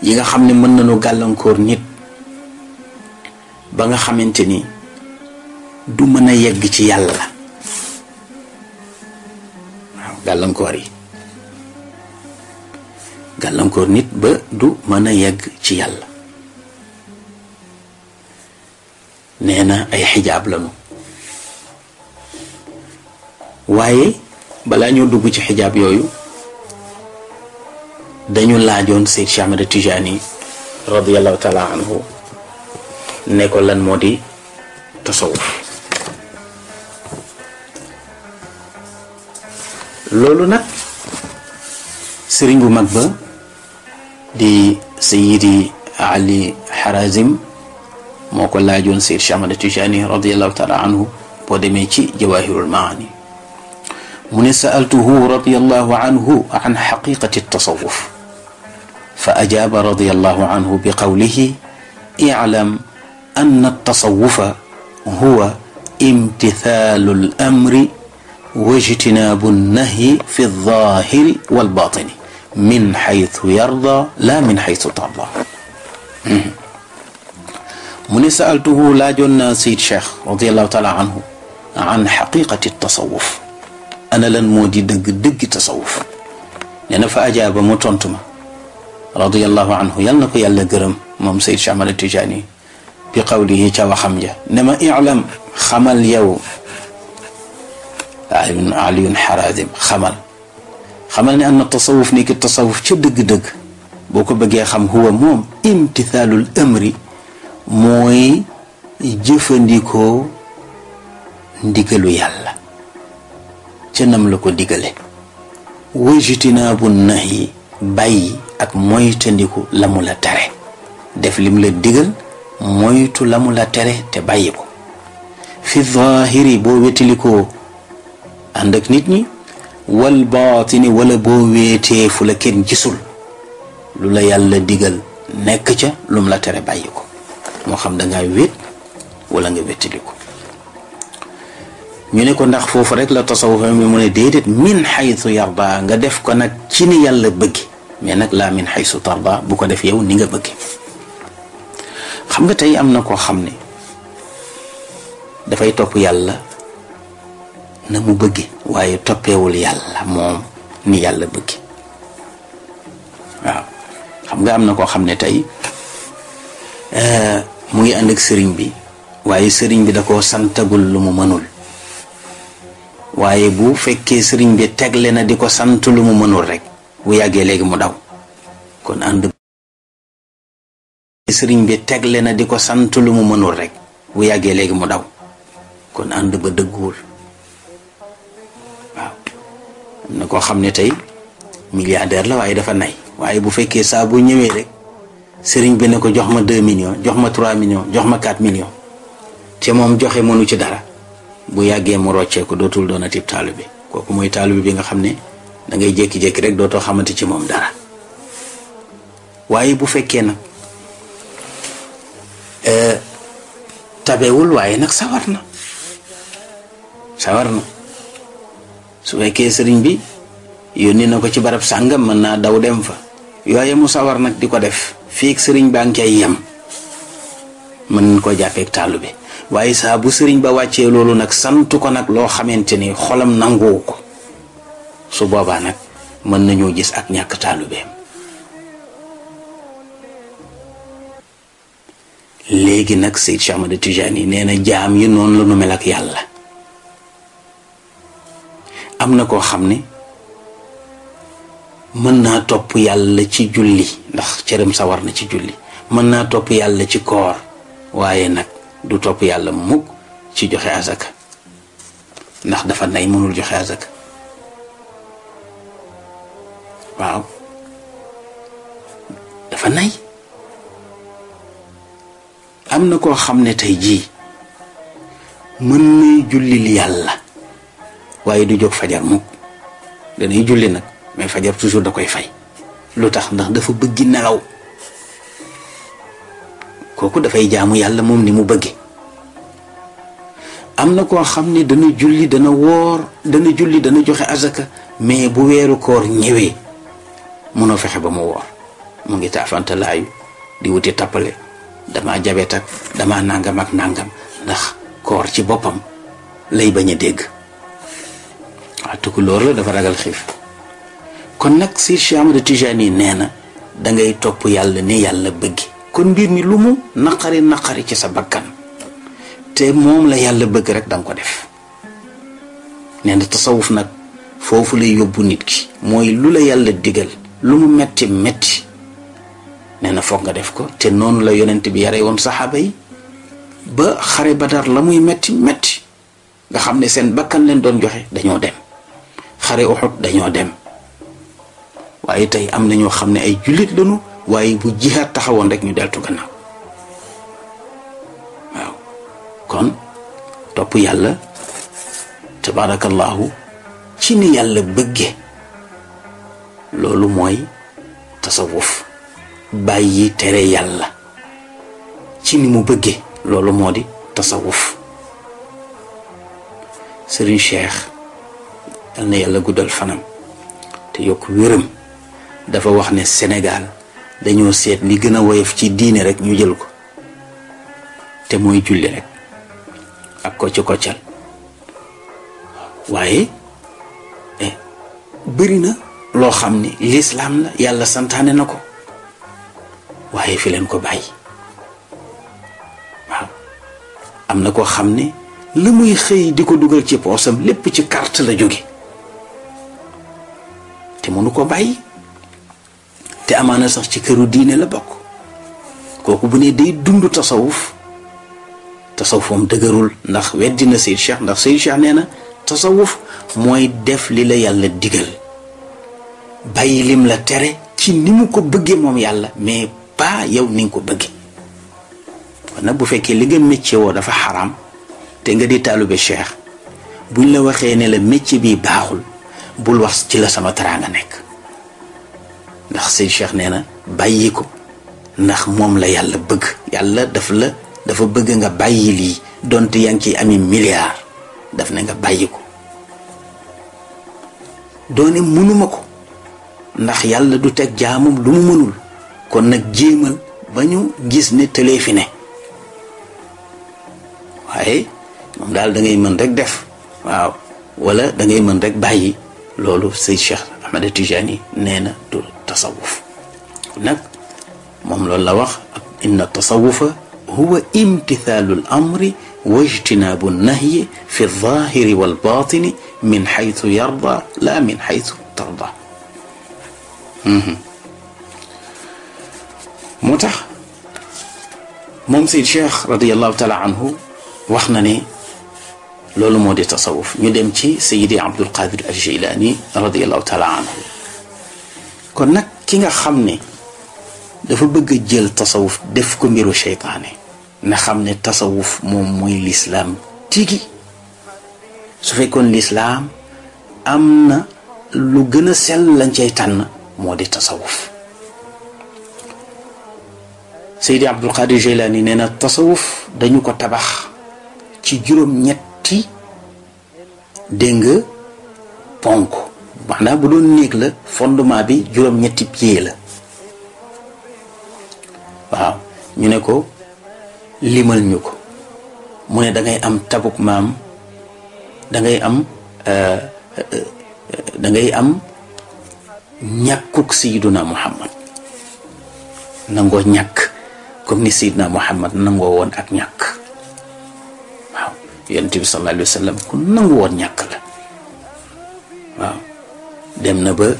yi nga xam ne mën nañu gàllankoor nit ba nga xamante ni du mën a yegg ci yàlla waaw gàllankoor yi gàllankoor nit ba du mën a yegg ci yàlla nee na ay xijaab lañu waaye balaa ñu dugg ci xijaab yooyu dañu laajoon Seyd Cheikh Ahmed Tijaani radiallahu taala anhu lan moo di tasawuf nag sëriñ bu mag ba di sayidi ali harazim moo ko laajoon Seyd Cheikh Ahmed Tijaani radiallahu taala anhu boo demee ci jawahirul maani من سألته رضي الله عنه عن حقيقة التصوف فأجاب رضي الله عنه بقوله اعلم أن التصوف هو امتثال الأمر واجتناب النهي في الظاهر والباطن من حيث يرضى لا من حيث ترضى من سألته لا جن سيد شيخ رضي الله تعالى عنه عن حقيقة التصوف أنا لن مودي دق دق تصوف لأن يعني فأجاب موتونتما رضي الله عنه يلنك يلا قرم مم سيد شامل التجاني بقوله جوا خمجة نما اعلم خمل يوم من علي حرادم خمل خمل أن التصوف نيك التصوف شدق دق بوكو بقي خم هو موم امتثال الأمر موي جفن ديكو ديكلو يالله ca nam la ko digale wajtinaabu nahyi bàyyi ak moytandiku la mu la tere def lim la digal moytu la mu la tere te bàyyi ko fi zaahiri boo wétalikoo ànd ak nit ñi wal baatini boo wéetee fu la kenn gisul lu la yàlla digal nekk ca lum la tere bàyyi ko moo xam da ngaa wéet nga wétaliko ñu ne ko ndax fofu rek la tasawuf mi mu ne dedet min haythu yarda nga def ko nak ci ni yàlla bëgg mais nak la min haythu tarda bu ko def yow ni nga bëgg xam nga tay amna ko xamne da fay top yàlla na mu bëgg waye topewul yàlla mom ni yàlla bëgg waaw xam nga amna ko xamne tay euh tey mu ngi ànd ak sëriñ bi waye serigne bi da ko santagul lu mu mënul waye bu fekke serigne bi teglena diko sante lu mu meunul rek bu yagge legi mu daw kon and serigne bi teglena diko sante lu mu meunul rek bu yagge legi mu daw kon and ba deggul na ko xamne tay milliardaire la waye dafa nay waye bu fekke sa bu ñewé rek serigne bi ne ko jox ma 2 millions jox ma 3 millions jox ma 4 millions ci mom joxe mënu ci dara bu yagge mu rocceeku dootul dona taalibe ko moy taalibe bi nga xam da ngay jékki-jékki rek doto xamanti ci mom dara waye bu fekkee nag e, tabewul waaye nag sawar sawarna sawar su fekkee sëriñ bi yoni nako ci barab sangam man na daw dem fa yoyé mu sawar nak di def fi ak sëriñ baa man ko jàppeeg waaye saa bu sëriñ ba wàccee loolu nag santu ko nag loo xamante ni xolam nanguwu ko su boobaa nag mën nañoo gis ak ñàkk taalubeem léegi nag Seyd Cheikh Ahmad Tijaani nee na jaam yi noonu la nu mel ak yàlla am na koo xam ne mën naa topp yàlla ci julli ndax cëram sawar na ci julli mën naa topp yàlla ci koor waaye nag du topp yàlla mukk ci joxe azaka ndax dafa nay mënul joxe azaka waaw dafa nay am na koo xam ne tey jii mën nay jullil yàlla waaye du jóg fajar mukk danay julli nag mais fajar toujours da koy fay lu tax ndax dafa bëggi nelaw kooku dafay jaamu yàlla moom ni mu bëgge am na koo xam ne dana julli dana woor dana julli dana joxe azaka mais bu weeru koor ñëwee mënoo fexe ba mu woor mu ngi taafante laayu di wuti tappale damaa jabet ak damaa nangam ak nangam ndax koor ci boppam lay bañ a dégg waaw tukulóor la dafa ragal xiif kon nag si Cheikh Ahmad Tijani nee na dangay topp yàlla ni yàlla bëggi kon mbir mi lu mu naqari naqari ci sa bakkan te moom la yàlla bëgg rek danga ko def nee na tasawuf nag foofu lay yóbbu nit ki mooy lu la yàlla digal lu mu metti metti nee na foog nga def ko te noonu la yonent bi yare woon saxaaba yi ba xare badar la muy metti metti nga xam ne seen bakkan leen doon joxe dañoo dem xare uxut dañoo dem waaye tey am na ñoo xam ne ay jullit lañu waaye bu jihaat taxawoon rek ñu deltu gannaaw waaw kon topp yàlla tabaarakallaahu ci ni yàlla bëgge loolu mooy tasawuf bàyyi tere yàlla ci ni mu bëgge loolu moo di tasawuf sëriñ Cheikh dal yàlla guddal fanam te yokk wéram dafa wax ne senegaal dañoo seet li gën a woyof ci diine rek ñu jël ko te mooy julli rek ak ko ci koccal waaye eh, bëri na loo xam ni lislaam la yàlla santaane na ko waaye fi leen ko bàyyi waaw am na koo xam ne la muy xëy di ko dugal ci poosam lépp ci carte la jóge te mënu ko bàyyi te amana sax ci këru diine la bok koku bu ne day dundu tasawuf tasawufum dëgeerul ndax weddi na Seyd Cheikh ndax sey Cheikh nee tasawuf moy def li la yàlla digël bàyyi lim la tere ci nimu ko bëggee mom yàlla mais pa yow ni ko bëggee kon bu fekkee li nga métier wo dafa haram te nga di talubé Cheikh buñ la waxé ne la métier bi baxul bul wax ci la sama tara nga nek ndax sëñ Cheikh nee na bàyyi ko ndax moom la yàlla bëgg yàlla daf la dafa bëgg nga bàyyi lii donte yaa ngi ciy ami milliard daf ne nga bàyyi ko doone mënuma ko ndax yàlla du teg jaamam lu mu mënul kon nag jéemal ba ñu gis ne tëlee fi waaye moom daal dangay mën rek def waaw wala dangay mën rek bàyyi loolu sëñ Cheikh ahmed tijani neena du tasawuf nak mom lol la wax inna at-tasawuf huwa imtithaalu al amri wa ijtinaabu nahy fi zaahiri wal batin min haythu yarda la min haythu tarda moo mom sayyid Cheikh radiyallahu taala anhu waxna ne لول مودي تصوف ندمتي سيدي عبد القادر الجيلاني رضي الله تعالى عنه كنا كيغا خامني دا فا بغا جيل تصوف ديف كو ميرو شيطاني نا خامني تصوف موم موي الاسلام تيغي سو فيكون الاسلام امنا لو غنا سيل لا نتي تان مودي تصوف سيدي عبد القادر الجيلاني نينا التصوف دا نيو كو تباخ تي جيروم نيت ñetti dégg nga ponk maanaam bu doon néeg la fondement bi juróom-ñetti pied la waaw ñu ne ko limal ñu ko mu ne da am tabuk maam da ngay am euh, euh, da ngay am ñàkkuk Sayyiduna Muhammad nangoo ñàkk comme ni Sayyiduna Muhammad nangoo woon ak ñàkk yonent bi sallallahu waaw dem na ba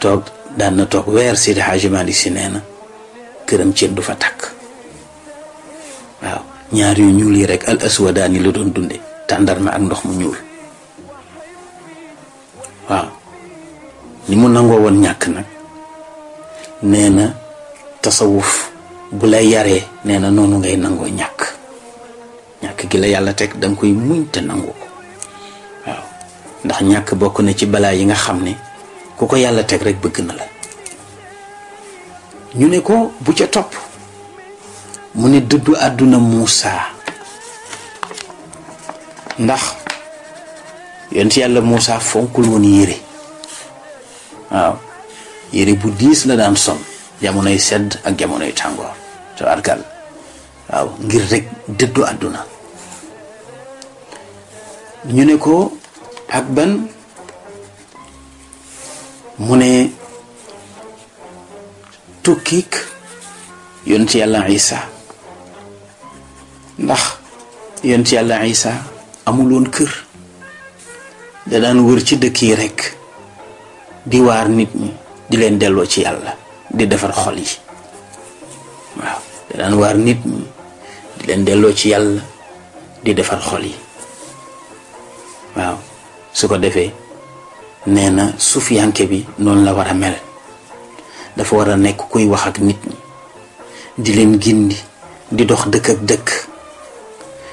toog daan toog weer Seydi Hadji Malick Sy nee na këram ceeb du fa takk waaw ñaar yu ñuul yi rek al aswadaani la doon dunde tàndarma ak ndox mu ñuul waaw ni mu nangoo woon ñàkk nag nee na tasawuf bu lay yaree nee noonu ngay nangoo ñàkk ñàkk gi la yàlla teg da koy muñ te nangu ko waaw ndax ñàkk bokk na ci balaa yi nga xam ni ku ko yàlla teg rek bëgg na la ñu ne ko bu ca topp mu ne dëddu àdduna Muusa ndax yonent yàlla Muusa fonkul woon yére waaw yére bu diis la daan sol jamonoy sedd ak jamonoy tàngoor te argal waaw ngir rek deddu aduna ñu ne ko ak ban mu ne tukkiik yonent yàlla isa ndax yonent yàlla isa amul woon kër da daan wër ci dëkk yi rek di waar nit ñi di leen delloo ci yàlla di defar xol yi waaw da daan waar nit ñi leen delloo ci yàlla di defar xol yi waaw su ko defee nee na suufiyanke bi noonu la war a mel dafa war a nekk kuy wax ak nit di leen gindi di dox dëkk ak dëkk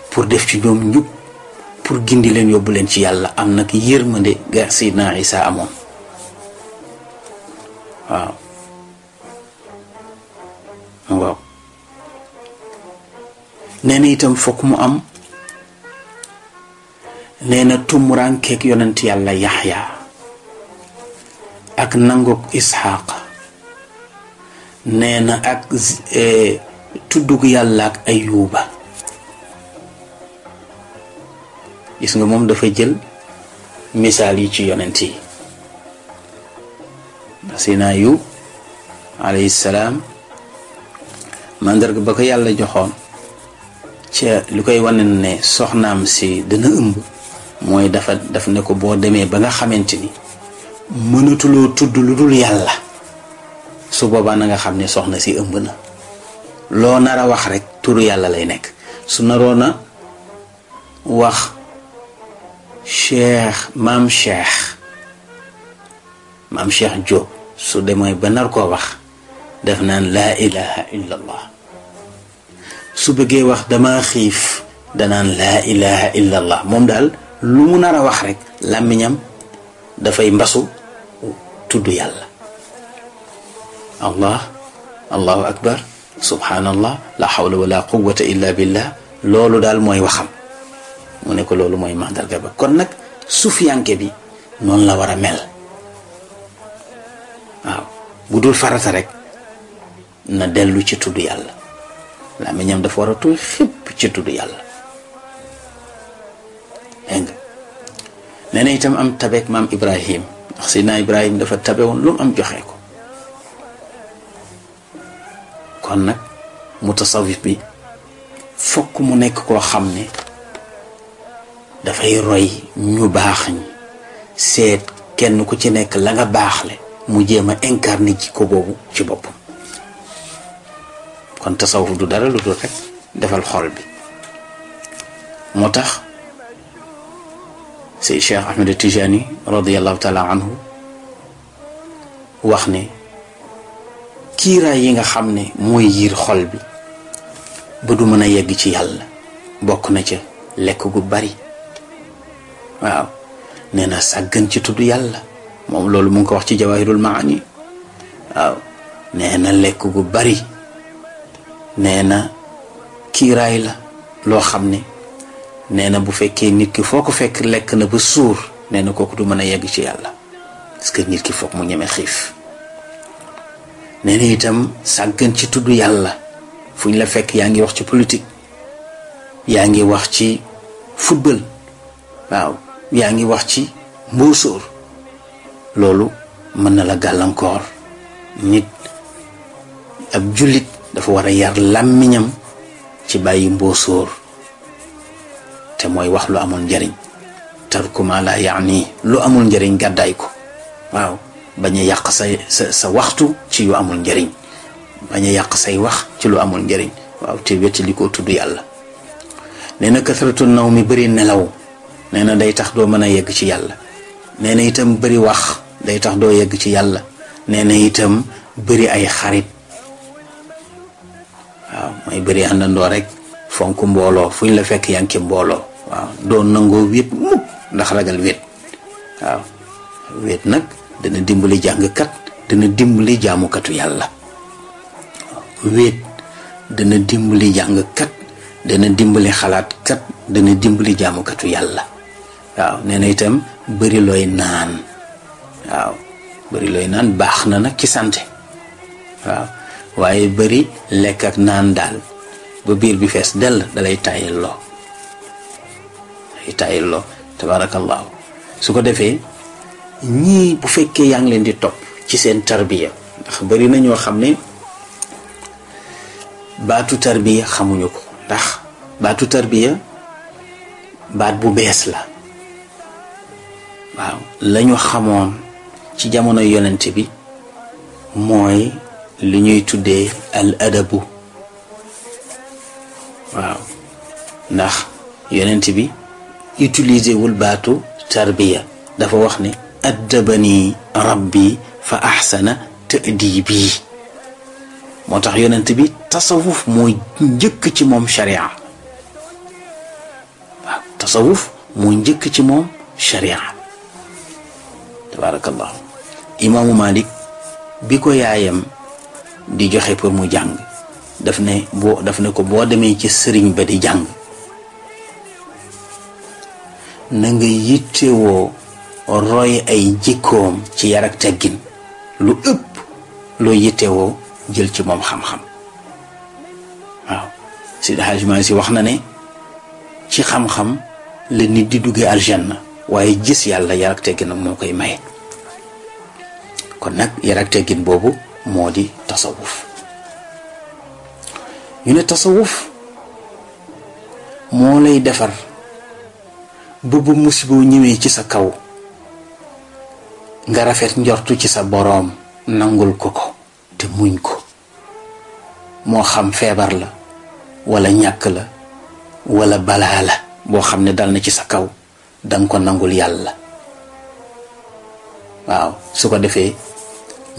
pour def ci ñoom njub pour gindi leen yóbbu leen ci yàlla am nag yërmande ga Seydina Isa amoon waaw waaw nee na itam fokk mu am nee na tumuraankeeg yonent yàlla yaxya ak nangoog isxaaq nee na ak e, tuddug yàlla ak ayuba gis nga moom dafa jël misaal yi ci yonent yi Seydina Ayub alayhi salaam mandarga ba ko yàlla joxoon ca li koy wane ne soxnaam si dana ëmb mooy dafa daf ne ko boo demee ba nga xamante ni mënatuloo tudd lu dul yàlla su boobaa na nga xam ne soxna si ëmb na loo nar a wax rek turu yàlla lay nekk su naroon a wax cheikh maam cheikh maam cheikh Diop su demee ba nar koo wax def naan laa ilaha illallah su wax dama xiif danaan la ilaha illa allah moom daal lu mu nar a wax rek làmmiñam dafay mbasu tudd yàlla allah allahu akbar subhanallah la xawla wala quwwata illa billah loolu daal mooy waxam mu ne ko loolu mooy mandarga ba kon nag sufiyanke bi noonu la war mel waaw bu farata rek na dellu ci tudd yàlla làmmiñam dafa war a tooy xépp ci tudd yàlla dégg nga nee na itam am tabeek maam Ibrahim ndax Seydina Ibrahim dafa tabe woon lu mu am joxe ko kon nag mutasawif bi fokk mu nekk koo xam ne dafay roy ñu baax ñi seet kenn ku ci nekk la nga baaxle mu jéem a incarné jikko boobu ci boppam kon tasawuf du dara lu dul rek defal xol bi moo tax si Cheikh Ahmed Tijani radiallahu taala anhu wax ne kiiraay yi nga xam ne mooy yiir xol bi ba du mën a yegg ci yàlla bokk na ca lekk gu bari waaw nee na sàggan ci tudd yàlla moom loolu mu ngi ko wax ci jawaahirul maani waaw nee na lekk gu bari nee na kiiraay la loo xam ne nee na bu fekkee nit ki foo ko fekk lekk na ba suur nee na kooku du mën a yegg ci yàlla parce que nit ki foog mu ñeme xiif nee itam sàggan ci tudd yàlla fu ñu la fekk yaa ngi wax ci politique yaa ngi wax ci football waaw yaa ngi wax ci mbuusóor loolu mën na la gàllankoor nit ab jullit dafa war a yar làmmiñam ci bàyyi mboosóor te mooy wax lu amul njariñ tarku ma la lu amul njariñ gàddaay ko waaw bañ a yàq sa sa sa waxtu ci yu amul njariñ bañ a yàq say wax ci lu amul njariñ waaw te wetti li ko tudd yàlla nee na kasratu naw mi bari nelaw nee na day tax doo mën a yegg ci yàlla nee na itam bëri wax day tax doo yegg ci yàlla nee na itam bari ay xarit waaw mooy bëri àndandoo rek fonk mbooloo fu ñu la fekk yaa mbooloo waaw doo nangoo wéet mukk ndax ragal wéet waaw wéet nag dana dimbali jàngkat dana dimbali jaamukatu yàlla wéet dana dimbali jàngkat dana dimbali xalaatkat dimbali jaamukatu yàlla waaw nee na itam bëri looy naan waaw bëri naan baax na nag ci santé waaw waaye bari lekk ak naan daal ba biir bi fees dell dalay tàyyil loo dalay tàyyil tabaarakallaahu su ko defee ñii bu fekkee yaa ngi leen di topp ci seen tarbiya ndax bari na ñoo xam ne baatu tarbiya xamuñu ko ndax baatu tarbiya baat bu bees la waaw lañu xamoon ci jamono yonent bi mooy li ñuy tuddee al adabu waaw ndax yonent bi utiliser wul baatu tarbiya dafa wax ne addabani rabbi fa axsana tëdibi moo tax yonent bi tasawuf mooy njëkk ci moom sharia waaw tasawuf mooy njëkk ci moom sharia tabaarakallahu imaamu malik bi ko yaayam di joxe pour mu jàng daf ne boo daf ne ko boo demee ci sëriñ ba di jàng na nga yittewoo roy ay jikkoom ci yarak ak teggin lu ëpp loo yittewoo jël ci moom xam-xam waaw si Hadji Malick wax na ne ci xam-xam la nit di duggee aljanna waaye gis yàlla yar ak teggin moo koy may kon nag yar ak teggin boobu moo di tasawuf ñu ne tasawuf moo lay defar ba bu musiboo ñëwee ci sa kaw nga rafet njortu ci sa boroom nangul ko ko te muñ ko moo xam feebar la walla ñàkk la walla balaa la boo xam ne dal na ci sa kaw danga ko nangul yàlla waaw su ko defee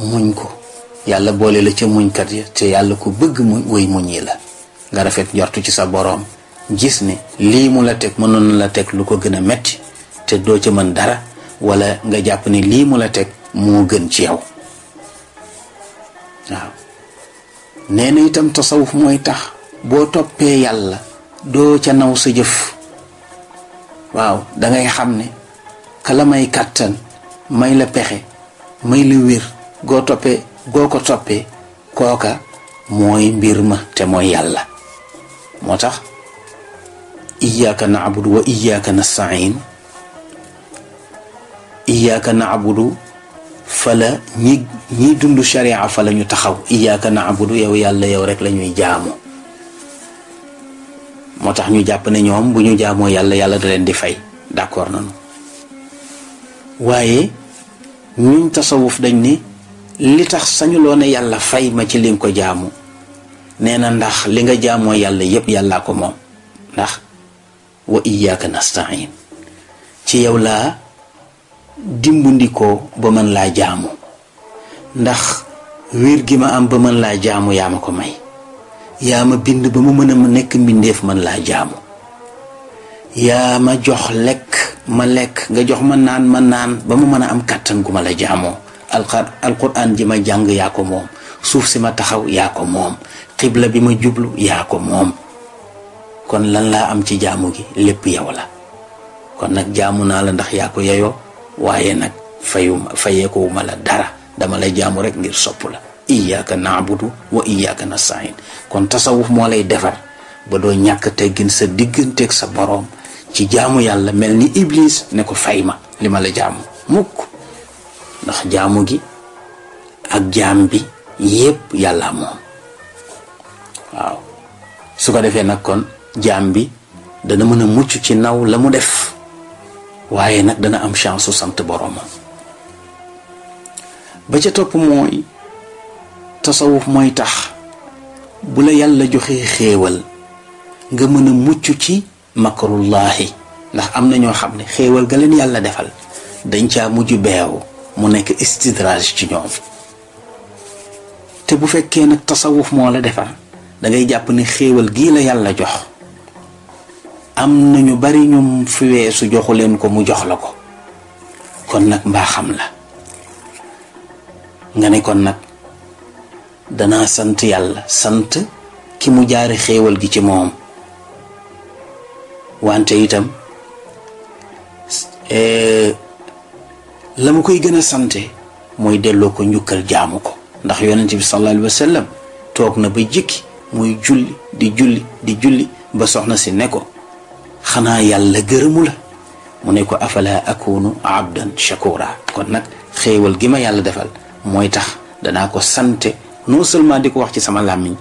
muñ ko yàlla boole la ca muñkat ya te yàlla ku bëgg mu wéy muñ la nga rafet njortu ci sa boroom gis ne lii mu la teg mënoon la teg lu ko gën a metti te doo ca mën dara walla nga jàpp ne lii mu la teg moo gën ci yow waaw nee itam tasawuf mooy tax boo toppee yàlla doo ca naw sa jëf waaw dangay xam ne ka may kàttan may la pexe may la wér goo toppee goo ko toppee kooka mooy mbir ma te mooy yàlla moo tax iyaaka naabudu wa iyaaka nastain iyaaka naabudu fala ñi ñiy dund sharia fa la ñu taxaw iyaaka naabudu yow yàlla yow rek lañuy ñuy moo tax ñu jàpp ne ñoom bu ñu jaamoo yàlla yàlla da leen di fay d'accord nanu waaye ñun tasawuf dañ ne li tax sañu loo yàlla fay ma ci li ko jaamu nee na ndax li nga jaamoo yàlla yépp yàllaa ko moom ndax wa iyyaka nasta'in ci yow laa dimbandikoo ba man laa jaamu ndax wiir gi ma am ba mën laa jaamu yaa ma ko may yaa ma bind ba mu mën a nekk mbindeef man laa jaamu yaa ma jox lekk ma lekk nga jox ma naan ma naan ba mu mën a am kàttan guma ma la jaamoo alquran jima jang ya ko mom suuf si ma taxaw ya ko mom qibla bi jublu ya ko mom kon lan la am ci jaamu gi lepp la kon nak jaamu na la ndax ya ko fayeko waaye nag fayuma fayeekowuma mala dara dama lay jaamu rek ngir sopp la iyyaka na'budu wa iyyaka nastain kon tasawuf mo lay defar ba doo ñàkk teggin sa ak sa borom ci jaamu yalla melni iblis ne ko fayma lima muk. la jaamu mukk ndax jaamu gi ak jaam bi yépp yàlla moom waaw su ko defee nag kon jaam bi dana mën a mucc ci naw la mu def waaye nag dana am chance su sant boroomam ba ca topp mooy tasawuf mooy tax bu la yàlla joxee xéewal nga mën a mucc ci makarullahi ndax am na ñoo xam ne xéewal ga leen yàlla defal dañ caa mujj beew mu nekk istidraaj ci ñoom te bu fekkee nag tasawuf moo la defar dangay jàpp ni xéewal gii la yàlla jox am na ñu bari ñum fi weesu joxu leen ko mu jox la ko kon nag mbaaxam la nga ne kon nag danaa sant yàlla sant ki mu jaari xéewal gi ci moom wante itam eh, la mu koy gën a sante mooy delloo ko njukkal jaamu ko ndax yonenti bi sallallahu alayhi toog na ba jikki muy julli di julli di julli ba soxna si ne ko xanaa yàlla gërëmu la mu ne ko afala akunu abdan shakura kon nag xéewal gi ma yàlla defal mooy tax danaa ko sante noo seulement di ko wax ci sama làmmiñ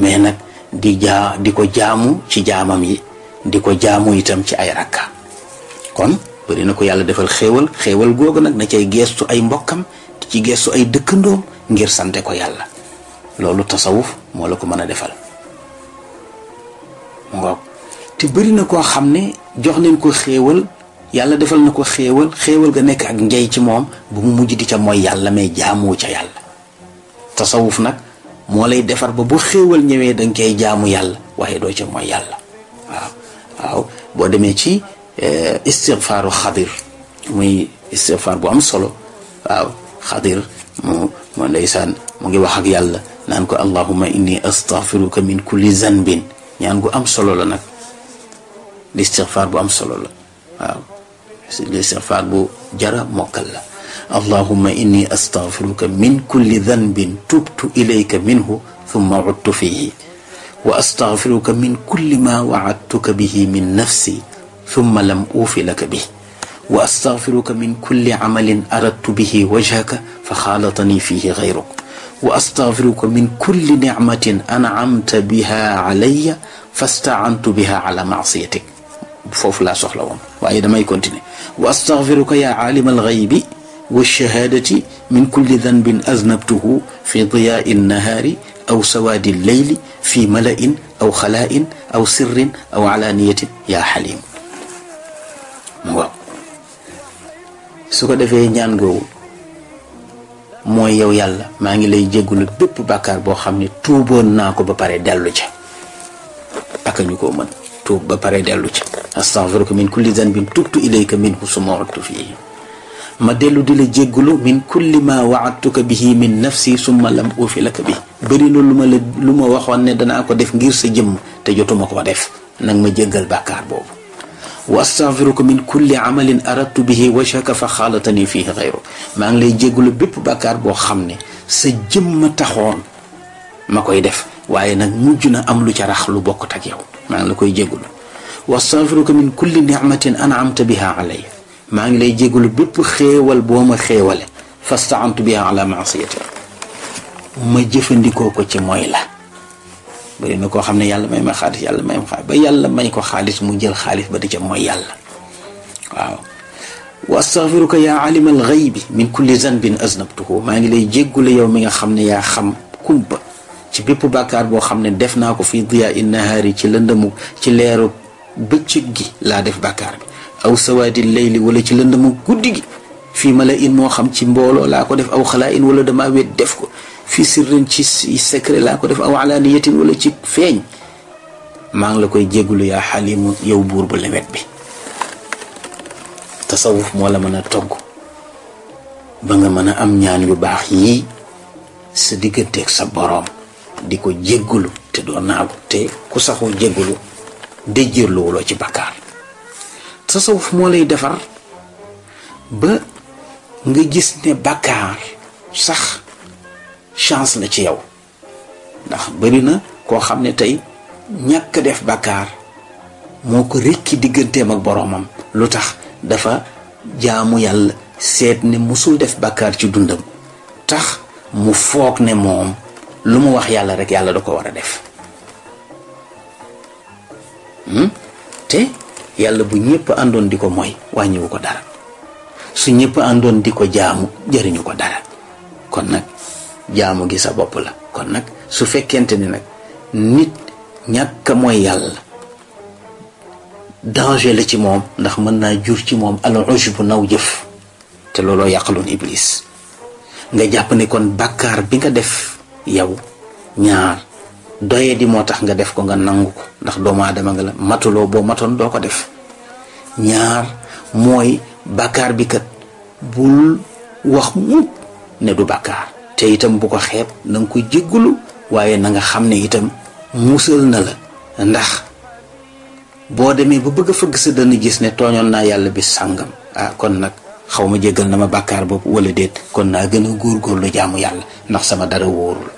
mais nag di jaa di ko jaamu ci jaamam yi di ko jaamu itam ci ay rakka kon bëri na ko yàlla defal xéewal xéewal googu nag na cay geestu ay mbokkam ci geestu ay dëkkandoom ngir sante ko yàlla loolu tasawuf moo la ko mën a defal ngoog te bëri na koo xam ne jox nañ ko xéewal yàlla defal na ko xéewal xéewal ga nekk ak njey ci moom bu mujj di ca mooy yàlla mais jaamoo ca yàlla tasawuf nag moo lay defar ba bu xéewal ñëwee danga koy jaamu yàlla waaye doo ca mooy yàlla waaw boo demee ci آه، استغفار خدير مي استغفار بو ام سولو واو مو مو ليسان موغي وخك يالا نانكو نعم اللهم اني استغفرك من كل ذنب نانكو نعم ام سولو لا الاستغفار بو ام لنا لا الاستغفار بو جرا موكل اللهم اني استغفرك من كل ذنب تبت اليك منه ثم عدت فيه واستغفرك من كل ما وعدتك به من نفسي ثم لم أوف لك به وأستغفرك من كل عمل أردت به وجهك فخالطني فيه غيرك وأستغفرك من كل نعمة أنعمت بها علي فاستعنت بها على معصيتك فوف لا سخلا وم وأيضا ما يكونتني وأستغفرك يا عالم الغيب والشهادة من كل ذنب أذنبته في ضياء النهار أو سواد الليل في ملأ أو خلاء أو سر أو علانية يا حليم mu su ko defee ñaan googu mooy yow yàlla maa ngi lay jéggulu bépp bàkkaar boo xam ne tuuboon naa ko ba pare dellu ca ak ñu ko mën tuub ba pare dellu ca astaghfiruka min kulli zanbin tubtu ilayka minhu suma uttu fii ma dellu di la jéggulu min kulli ma waadtuka bihi min nafsi summa lam uufilaka bi bëri lu ma la lu ma waxoon ne danaa ko def ngir sa jëmm te jotuma ko def nag ma jéggal bàkkaar boobu wa astaghfiruka min kulli amalin aradtu bihi wajhaka fa xaalatani fihi xayru maa ngi lay jégalu bépp bakkaar boo xam ne sa jëmma taxoon ma koy def waaye nag mujj na am lu ca rax lu bokk ak yow maa ngi la koy jégalu wa astaghfiruka min kulli nicmatin an'amta biha alayya maa ngi lay jégalu bépp xéewal boo ma xéewale fastaantu biha ala maasiyati ma jëfandikoo ko ci mooy la bëri na koo xam ne yàlla may ma xaalis yàlla may ma ba yàlla may ko xaalis mu jël xaalis ba di ca mooy yàlla waaw wa astaghfiruka yaa alima alxaybi min kulli zanbin aznabtuhu maa ngi lay jéggule yow mi nga xam ne yaa xam kumpa ci bépp bàkkaar boo xam ne def naa ko fii diyaa in nahaari ci lëndëmu ci leeru bëccëg gi laa def bàkkaar bi aw sawaadi leyli wala ci lëndëmu guddi gi fii mala in moo xam ci mbooloo laa ko def aw xalaa in wala damaa wet def ko fii sirrin ci secret laa ko def aw alaaniyatin wala ci feeñ maa ngi la koy jégalu yaa xalimu yow buur bu lewet bi tasawuf moo la mën a togg ba nga mën a am ñaan yu baax yii sa digganteeg sa boroom di ko jégalu te doo naagu te ku saxoo jégalu déjjërluwuloo ci bakkaar tasawuf moo lay defar ba nga gis ne bakkaar sax chance la ci yow ndax bëri na koo xam ne tey ñàkk def bàkkaar moo ko rekki digganteem ak boroomam lu tax dafa jaamu yàlla seet ne musul def bàkkaar ci dundam tax mu foog ne moom lu mu wax yàlla rek yàlla da ko war a def hmm? te yàlla bu ñëpp àndoon di ko moy mooy wàññiwu ko dara su ñëpp àndoon di ko jaamu jëriñu ko dara kon nag jaamu gi sa konak la kon nak su nit nyak mooy yàlla danger la ci moom ndax mën naa jur ci moom al ujbu naw jëf te iblis nga jàpp ne kon bakar bi nga def yow ñaar doye di moo tax nga def ko nga nangu ko ndax doomu aadama nga la matuloo boo matoon ko def ñaar moy bakar bi kat bul wax mu ne du bakar te itam bu ko xeeb nanga ko jéggulu waaye na nga xam ne itam musal na la ndax boo demee ba bëgg a fëgg sa dana gis ne tooñoon naa yàlla bi sàngam ah kon nag xaw ma jéggal na ma bàkkaar boobu wala déet kon naa gën a góorgóorlu jaamu yàlla ndax sama dara wóorul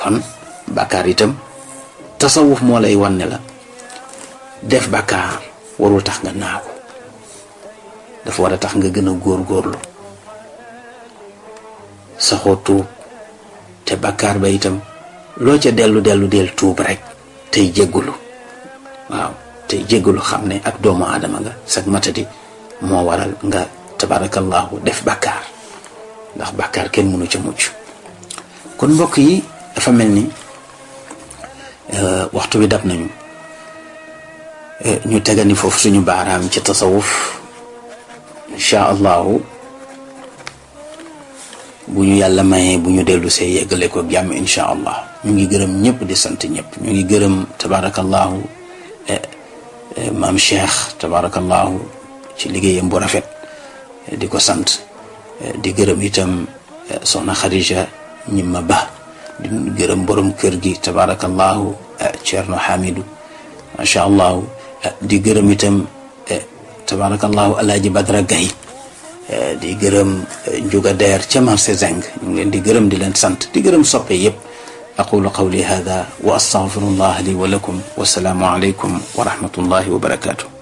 kon bàkkaar itam tasawuf moo lay wan la def bàkkaar warul tax nga naagu dafa war a tax nga gën a góor góorlu saxoo tuub te bakkaar ba itam loo ca dellu dellu del tuub rek tey jéggulu waaw tey jéggulu xam ne ak doomu aadama nga sag matadi moo waral nga tabarakallahu def bakkaar ndax bakkaar kenn mënu ca mucc kon mbokk yi dafa mel ni eh, waxtu wi dab nañu eh, ñu tegani foofu suñu baaraam ci tasawuf incha allahu bu ñu yàlla mayee bu ñu dellu see yeggale ko jàmm incha allah ñu ngi gërëm ñëpp di sant ñëpp ñu ngi gërëm tabaarakallaahu eh, eh, mam Cheikh tabaarakallaahu ci liggéeyam bu rafet eh, di ko sant di gërëm itam soxna Xadija ñimma ba di gërëm borom kër gi tabaarakallaahu Ceerno Hamidou macha allah di gërëm itam tabaarakallaahu Alaaji Badra di gërëm njuga der ci marché zeng ñu ngi di gërëm di leen sant di gërëm soppe yépp aqulu qawli hada wa astaghfirullah li wa lakum wa salaamu alaykum wa rahmatullahi wa barakatuh